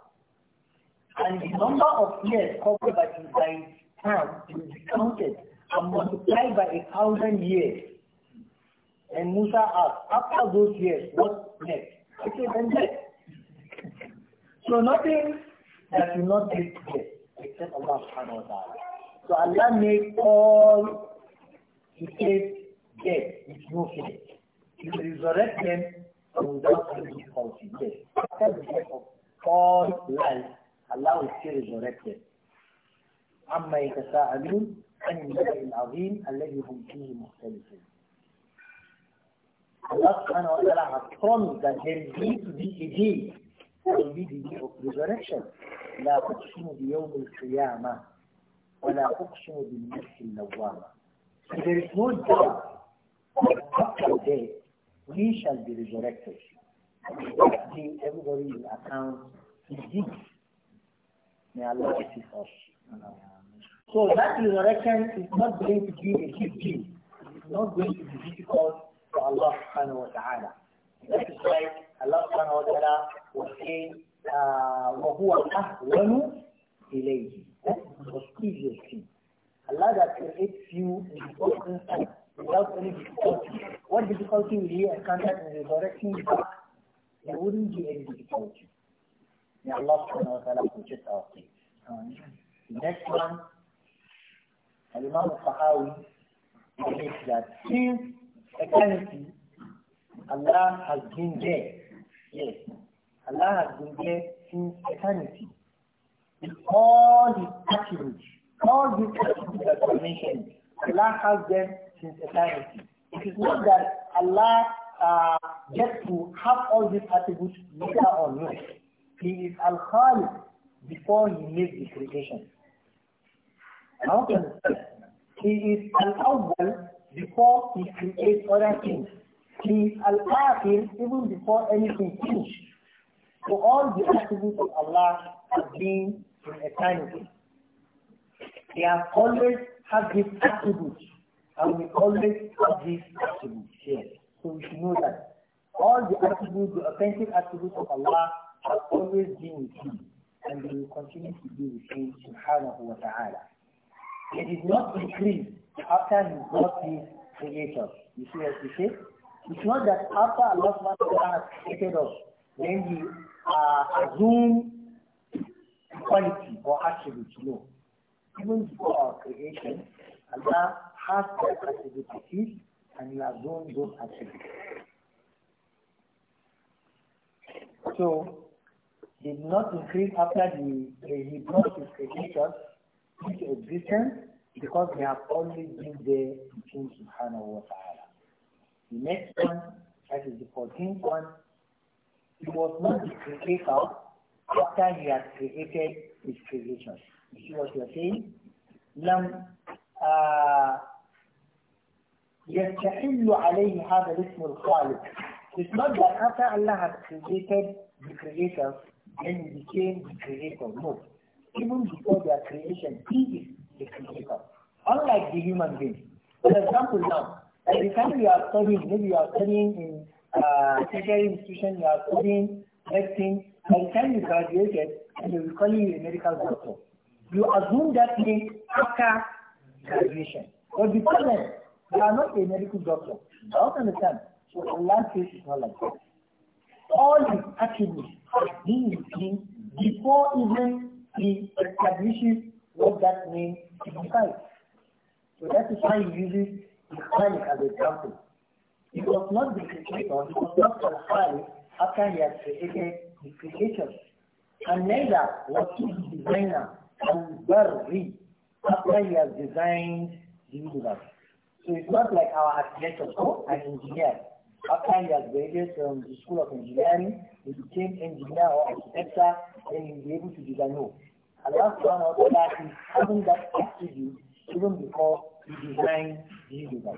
and the number of years covered by by time is counted and multiplied by a thousand years. And Musa asked, after those years, what next? I said, then death. so nothing that will not take place except Allah subhanahu wa ta'ala. So Allah made all He says dead with no finish. He will resurrect them without any faulty. Yes. After the death of all life, الله will still عما يتساءلون عن النبأ العظيم الذي هم فيه مختلفون. الله سبحانه وتعالى ta'ala ذا promised that there is دي to be a day, there لا أقسم بيوم القيامة ولا أقسم بالنفس اللوامة. So there is no doubt that after death we shall be resurrected. everybody will account his deeds. May Allah assist us. So that resurrection is not going to be a huge deal. It's not going to be difficult for Allah subhanahu wa ta'ala. That is why Allah subhanahu wa ta'ala was saying, uh, وَهُوَ أَهْوَنُ إِلَيْهِ That is the most easiest thing. Allah that creates you in the open time without any difficulty. What difficulty will he encounter in resurrecting back? There wouldn't be any difficulty. May Allah subhanahu wa ta'ala purchase our faith. The uh, next one, Al-Imam al-Sahawi states that since eternity, Allah has been there. Yes, Allah has been there since eternity. With all the attributes, all these attributes that were mentioned, Allah has them since eternity. It is not that Allah uh, gets to have all these attributes later on. No. He is Al-Khaliq before he made the creation. How can He is Al-Awwal before he creates other things. He is Al-Akhir even before anything finished. So all the attributes of Allah have been in eternity. They have always had these attributes and we always have these attributes here. So we should know that all the attributes, the authentic attributes of Allah has always been with him and will continue to be with him subhanahu wa ta'ala. It did not increase after he got his creator. You see what he said? It's not that after Allah subhanahu wa ta'ala created us, then he uh, assumed quality or attributes. No. Even before our creation, Allah has that attribute of his and he assumed those attributes. So did not increase after the, he brought his creation into existence because they have always been there since the subhanahu wa ta'ala. The next one, that is the 14th one, he was not the creator after he had created his creation. You see what you are saying? لم uh, يستحل عليه هذا الاسم الخالق. It's not that after Allah has created the creators, then became the creator. No. Even before their creation, he is the creator. Unlike the human being. For example now, every time you are studying, maybe you are studying in uh, tertiary institution, you are studying medicine, by the time you graduated, and they will call you a medical doctor. You assume that name after graduation. But before then, you are not a medical doctor. I don't understand. So Allah says it's not like that all his attributes being king before even he establishes what that name signifies. So that is why he uses Ikhwan as an example. He was not the creator, He was not al after he had created the creation. And neither was he the designer and very after he has designed the universe. So it's not like our architecture or an engineer. After he has graduated from the School of Engineering, he became engineer or architecture, and he will be able to design home. And that's one of that is having that attribute even before he designed the device.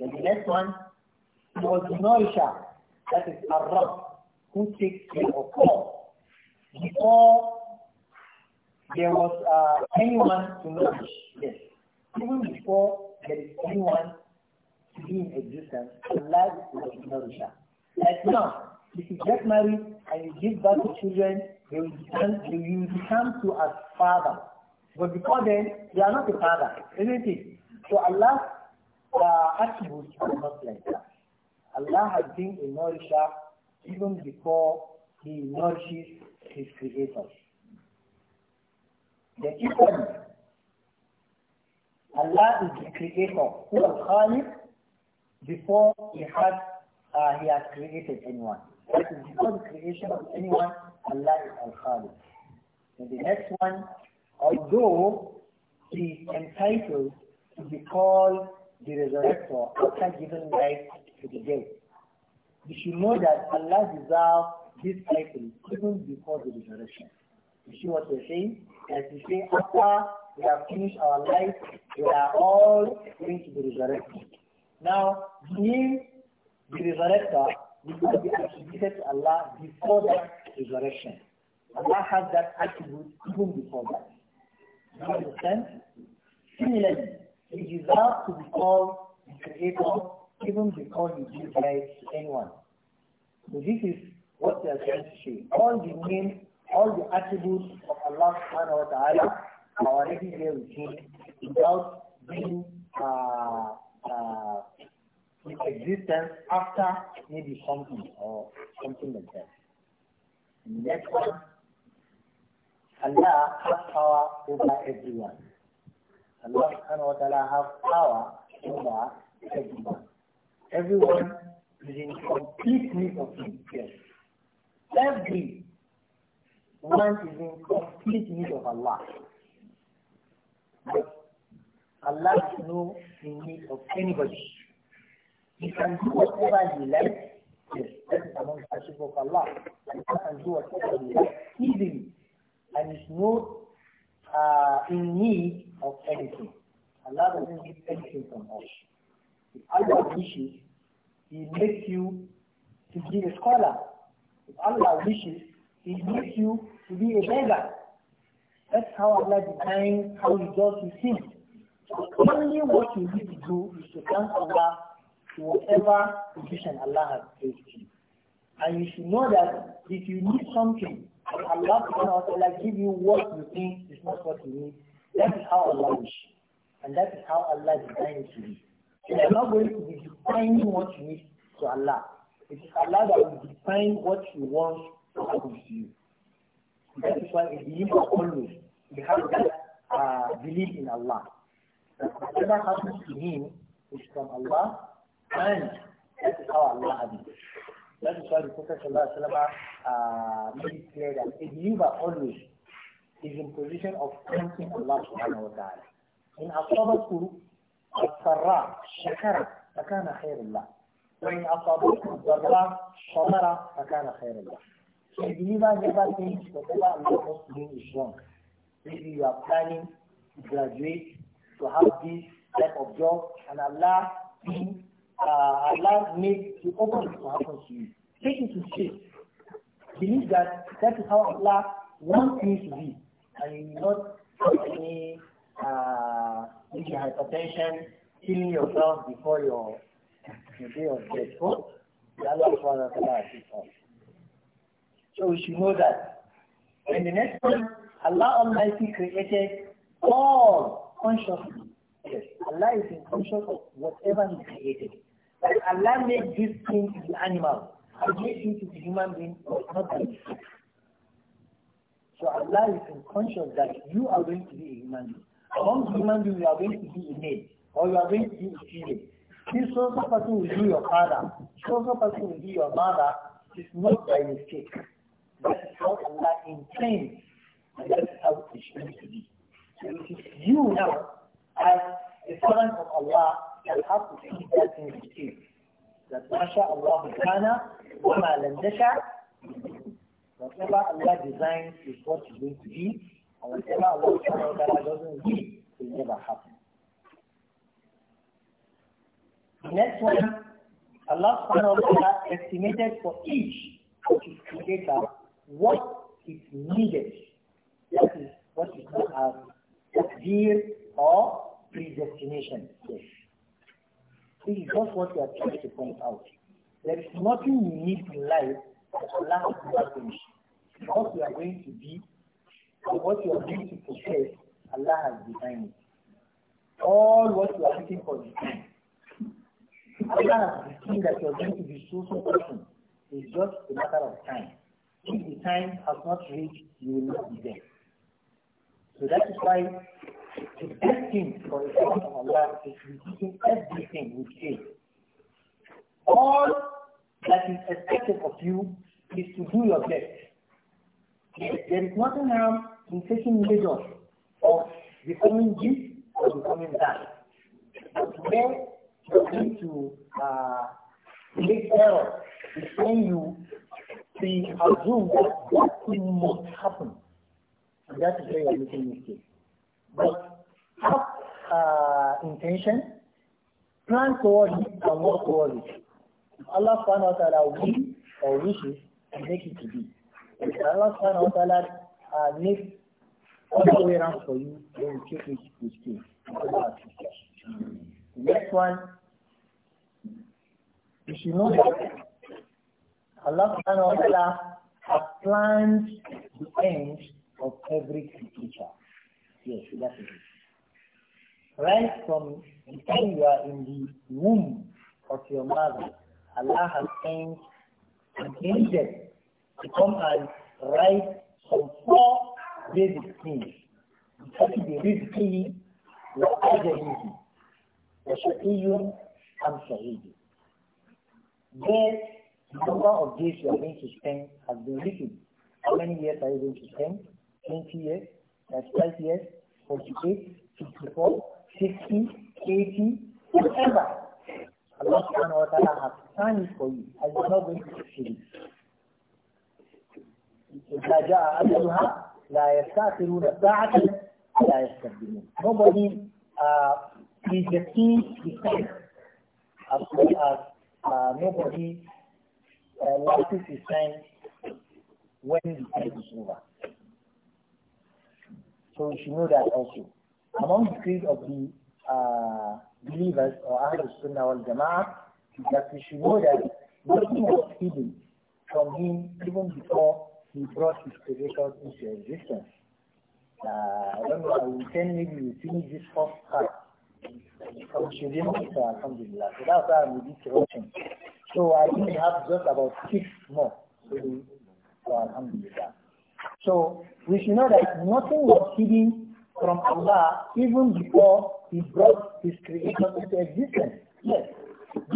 Then the next one, he was the nourisher, that is Arab, who takes care of Before there was uh, anyone to nourish, yes. Even before there is anyone in existence, Allah is the nourisher. Like now, if you get married and you give birth to children, they will become, they will become to as father. But before then, they are not a father, isn't it? So Allah's uh, attributes are not like that. Allah has been a nourisher even before he nourishes his creators. The equal. Allah is the creator, who is Khaliq, before he had uh, he has created anyone. That is before the creation of anyone, Allah is Al-Khaliq. And the next one, although he is entitled to be called the resurrector after giving life to the dead, you should know that Allah deserves this title even before the resurrection. You see what we're saying? As we say, after we have finished our life, we are all going to be resurrected. Now, being the resurrector is to be attributed to Allah before that resurrection. Allah has that attribute even before that. Do you understand? Similarly, he deserves to be called the creator even before he gives life to anyone. So this is what they are trying to say. All the names, all the attributes of Allah subhanahu wa ta'ala are already there with him without being uh, uh, existence after maybe something or something like that. next one, Allah has power over everyone. Allah subhanahu wa ta'ala has power over everyone. Everyone is in complete need of him. Yes. Every one is in complete need of Allah. But Allah is no in need of anybody. He can do whatever he likes. Yes, that's among of Allah. And he can do whatever he likes easily. And is not uh, in need of anything. Allah doesn't need anything from us. If Allah wishes, He makes you to be a scholar. If Allah wishes, He makes you to be a beggar. That's how Allah defines how He does His things. So only what you need to do is to thank Allah to whatever position Allah has placed you. And you should know that if you need something, Allah subhanahu give you what you think is not what you need. That is how Allah is. And that is how Allah designed to be. You are not going to be defining what you need to Allah. It is Allah that will define what you want to happen to you. That is why a believer always we have that uh, belief in Allah. That whatever happens to him is from Allah and that is how Allah has it. That is why the Prophet uh, made it clear that a believer always is in position of thanking Allah subhanahu wa ta'ala. In Asabatku, Asarra, Shakara, Akana Khairullah. وإن أصابته ضراء صبر فكان خيرا له. So a believer never thinks whatever Allah wants to do is wrong. Maybe you are planning to graduate, to have this type of job, and Allah thinks I Allah made the open to happen to you. Take it to faith. Believe that that is how Allah wants me to be. And not have any uh, hypertension, killing yourself before your, your day of death. Oh, Allah So we should know that. And the next one, Allah Almighty created all consciousness, Yes, Allah is in control of whatever He created. That Allah made this thing to the animal, He made him to the human being was not done. So Allah is conscious that you are going to be a human being. Among human beings, you are going to be a male, or you are going to be a female. This also person will be your father. This also person will be your mother. It's not by mistake. That is what Allah intends, and that is how it should be. So it is you now, as servant of Allah shall have to that in his That Masha Allah kana wama Whatever Allah designs is going to be, and whatever Allah subhanahu wa ta'ala doesn't be, will never happen. The next one, Allah subhanahu wa ta'ala estimated for each of his creator what is needed. That is what is known as takdir or predestination. Yes. See, that's what we are trying to point out. There is nothing unique in life that Allah has What you are going to be and what you are going to possess, Allah has designed it. All what you are looking for is time. Allah has that you are going to be so so person. It's just a matter of time. If the time has not reached, you will not be there. So that is why the best thing for the servant of Allah is repeating everything with faith. All that is expected of you is to do your best. There is nothing harm in taking measures of becoming this or becoming that. But where you're going to uh, make error is when you pre assume that that thing must happen. And that is where you're making mistakes. But have uh, intention, plan towards it and work towards it. If Allah subhanahu wa ta'ala will or wishes to make it to be. If Allah subhanahu wa ta'ala uh, makes the way around for you, then you take it with you. The next one, you should know that Allah subhanahu wa ta'ala has planned the end of every creature. Yes, that is it. Right from the time you are in the womb of your mother, Allah has sent an angel to come and write some four basic things. That is rizqi wa ajalihi wa shaqiyun am shahidi. There, the number of days you are going to spend has been written. How many years are you going to spend? 20 years, that's 12 years, 48, 64, 60, 80, whatever. Allah subhanahu wa ta'ala has planned for you and you're not going to succeed. Nobody uh, is the king defense as well as uh, nobody uh, lapses his when the time is over. So we should know that also. Among the creed of the uh, believers or Ahlul Sunnah wal Jama'ah that we should know that nothing was hidden from him even before he brought his creation into existence. Uh, I don't know, I will tell maybe we finish this first part from Shirin to uh, Alhamdulillah. So that's why I'm with this So I think we have just about six more. So, so uh, Alhamdulillah. So we should know that nothing was hidden from Allah even before He brought His creation into existence. Yes,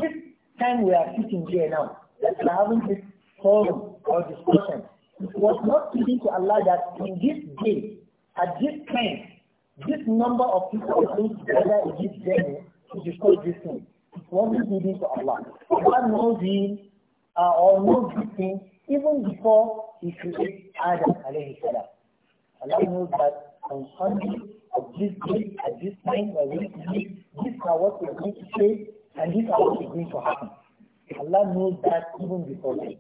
this time we are sitting here now, that we are having this forum or discussion, it was not hidden to Allah that in this day, at this time, this number of people are going together in this day, to discuss this thing. It wasn't hidden to Allah. Allah knows him uh, or knows this thing even before he created Adam alayhi salam. Allah knows that on Sunday of this day, at this time, we're going to meet, this. are what we're going to say, and this is what is going to happen. Allah knows that even before then.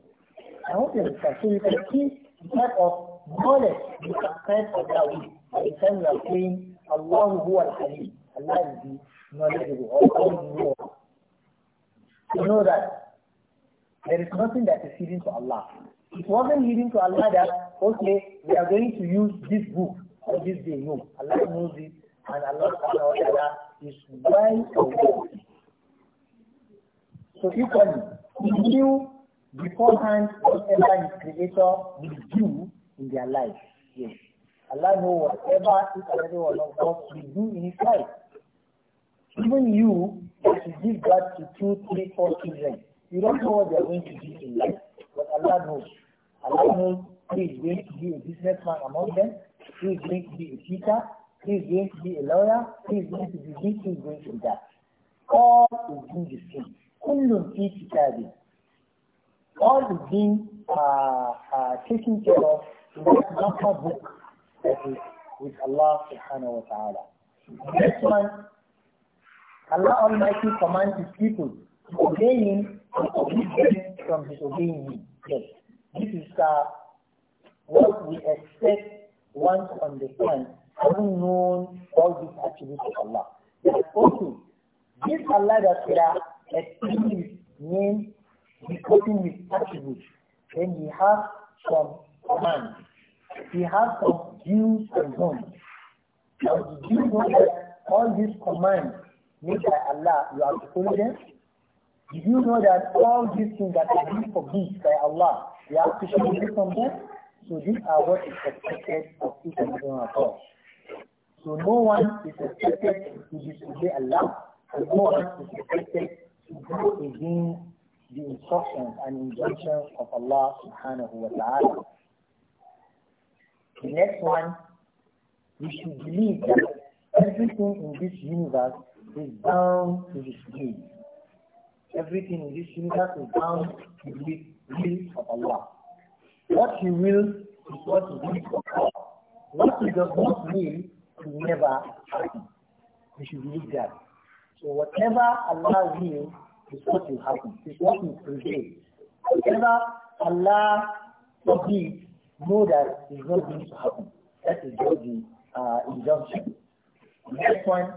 I want to understand. So you can see the type of knowledge you can find for that week. By the time you are saying, Allah huwa al-Halim. Allah is the knowledgeable, all knowing. You know that There is nothing that is hidden to Allah. It wasn't hidden to Allah that, okay, we are going to use this book on this day. No, Allah knows it and Allah subhanahu wa ta'ala is well aware. So equally, he knew beforehand whatever his creator will do in their life. Yes. Allah knows whatever each and every one of us will do in his life. Even you, if you give birth to two, three, four children, You don't know what they're going to do in life, but Allah knows. Allah knows who is going to be a businessman among them, who is going to be a teacher, who is going to be a lawyer, who is going to be this, who is going to be that. All is being the same. All is being uh, uh, taken care of in that master book that is with Allah subhanahu wa ta'ala. Next one, Allah Almighty commands his people to obey Him from disobeying me. Yes. This is uh, what we expect one to understand, having known all these attributes of Allah. That okay, this Allah that we are explaining his name, decoding his attributes, then he has some commands. He has some dues and homes. Now, do you know that all these commands made by Allah, you are to follow them? Did you know that all these things that are being forgiven by Allah, they are to be from them? So these are what is expected of each and every one of us. So no one is expected to disobey Allah, and no one is expected to go against the instructions and injunctions of Allah subhanahu wa ta'ala. The next one, we should believe that everything in this universe is bound to his will. Everything in this universe is bound to the will of Allah. What He wills is what He wills for What He does not will will never happen. We should believe that. So whatever Allah wills is what will happen. It's what will prevail. Whatever Allah forbids, know that it's not going to happen. That is just the uh, injunction. Next one,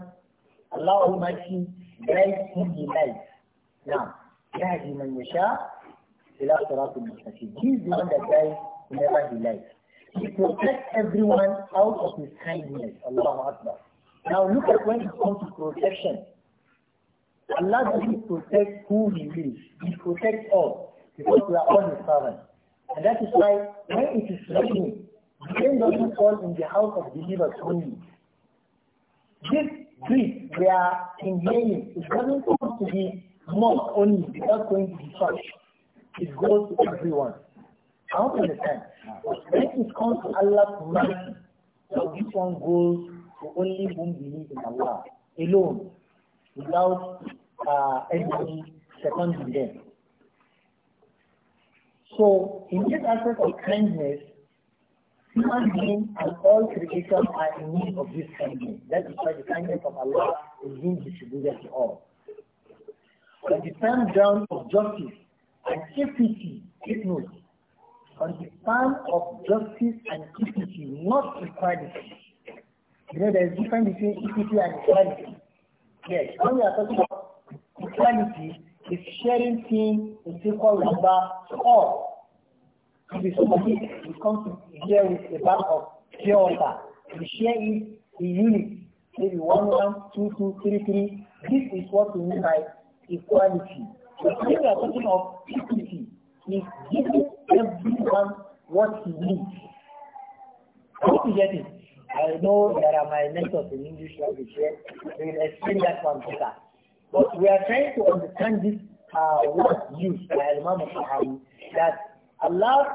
Allah Almighty guides whom He likes now, يهدي من يشاء إلى صراط المستقيم. He is the one that dies whenever he likes. He protects everyone out of his kindness. Allahu Akbar. Now look at when it comes to protection. Allah doesn't protect who he wills. He protects all because we are all his servants. And that is why when it is raining, rain doesn't fall in the house of believers only. This grief we are inhaling, it doesn't come to the mosque only without going to the church. It goes to everyone. I don't understand. When it comes to Allah's mercy, so this one goes to only whom believes in Allah alone, without uh, anybody seconding them. So, in this aspect of kindness, human beings and all creatures are in need of this kindness. That is why the kindness of Allah is being distributed to all. on the time down of justice and equity, take note, on the time of justice and equity, not equality. You know, there is difference between equity and equality. Yes, when we are talking about equality, is sharing things in equal number to all. If it's somebody who comes here with a bag of pure water, we share it in units, maybe one one, two, two, three, three. This is what we mean by equality. When we are talking of equity, is giving everyone what he needs. How to get it? I know there are my mentors in English language here. will explain that one better. But we are trying to understand this uh, word used by Imam Sahari that allows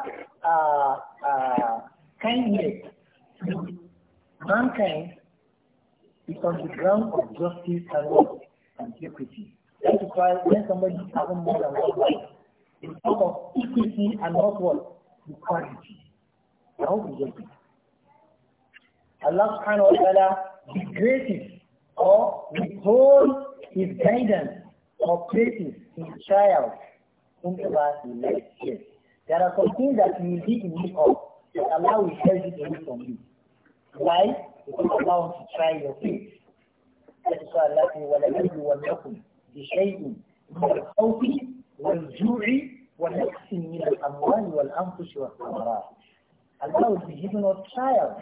uh, uh, kindness to mankind is on the ground of justice and And equity. That is why when somebody is having more than one wife, it's out of equity and not what? Equality. I hope you get it. Allah subhanahu wa ta'ala degrades or withholds his guidance or places his child into what he likes. Yes. There are some things that you need in need of that Allah will help you away from you. Why? Because Allah wants to try your faith. That is why Allah says, وَلَيَبْلُوَنَّكُمْ بشيء من الخوف والجوع من الأموال والأنفس والثمرات. giving us trials.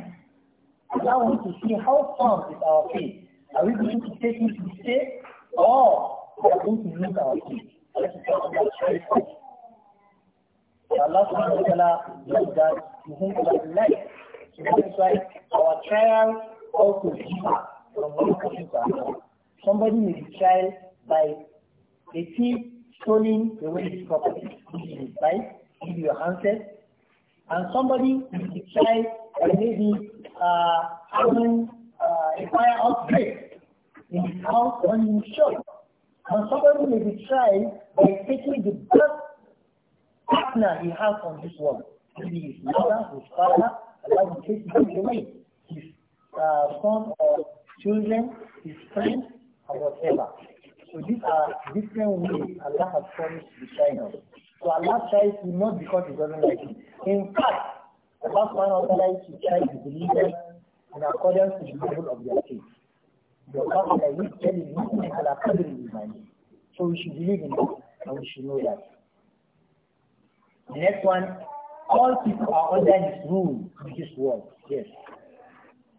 Allah wants to see how firm is our faith. Are we going to take it to stay or we going to lose our faith? Allah subhanahu wa ta'ala knows that to whom likes. So that's why our trial also differ from one person to another. Somebody may be tried by the thief stealing away his property, which his bike, give your handset, and somebody is tried or maybe having uh, uh, a fire outbreak in his house or in shop, and somebody may be tried by taking the best partner he has on this world, maybe his mother, his father, Allah will take him away, his uh, son or children, his friends, or whatever. So these are different ways Allah has promised to shine us. So Allah tries you not because He doesn't like you. In fact, Allah subhanahu wa ta'ala is to try the believers in accordance with the level of their faith. The Allah is telling you Allah qadri imani. So we should believe in that and we should know that. The next one, all people are under His rule in this world. Yes.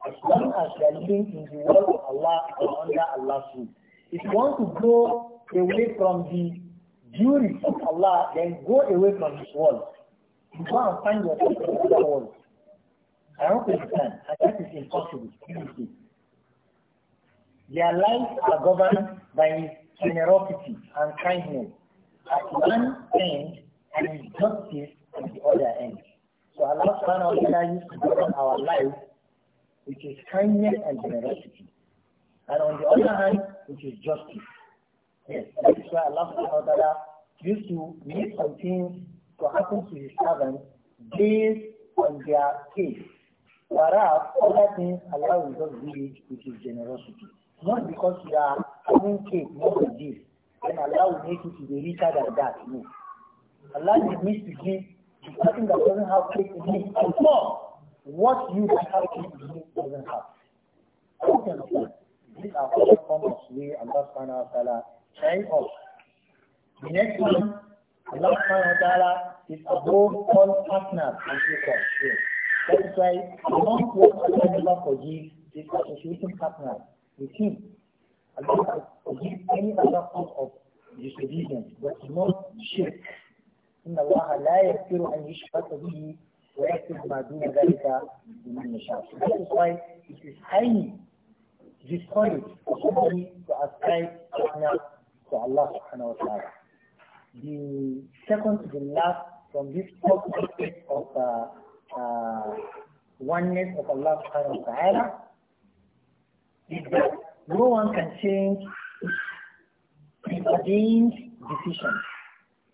As long as they are living in the world of Allah is under Allah's rule. If you want to go away from the duty of Allah, then go away from this world. You go and find yourself in another world. I don't understand. I And it's impossible. Their lives are governed by generosity and kindness at one end and justice at the other end. So Allah subhanahu wa ta'ala used to govern our lives, which is kindness and generosity. And on the other hand, which is justice. Yes, that is why Allah subhanahu wa ta'ala used to make some things to happen to his servants based on their case. Whereas other things Allah will just do it with his generosity. Not because you are having cake, not a gift, then Allah will make you to be richer than that. No. Allah is needs to give to something that doesn't have cake in him. And what you that have cake in him doesn't have. Don't understand. These are all forms of way Allah subhanahu wa ta'ala shine us. The next one, Allah subhanahu wa ta'ala is above all partners and people. That is why the among what Allah never forgives is associating partners with Him. Allah forgives any other form of disobedience, but not shirk. إن الله لا يغفر أن يشرك به ويغفر ما دون ذلك من يشاء. That is why it is highly discourage the to ascribe partner to Allah subhanahu wa ta'ala. The second to the last from this topic of uh, uh, oneness of Allah subhanahu wa ta'ala is that no one can change ordained decisions.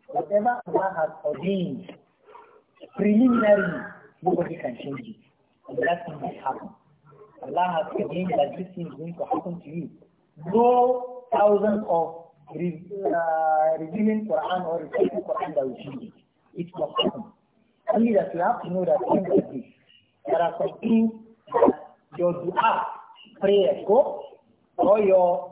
Whatever Allah has ordained preliminarily, nobody can change it. And that thing happened. Allah has ordained that this thing is going to happen to you. No thousands of re, uh, Quran or reciting Quran that will change it. It must happen. Only that you have to know that things like this. There are some things that your dua, prayer, go, or your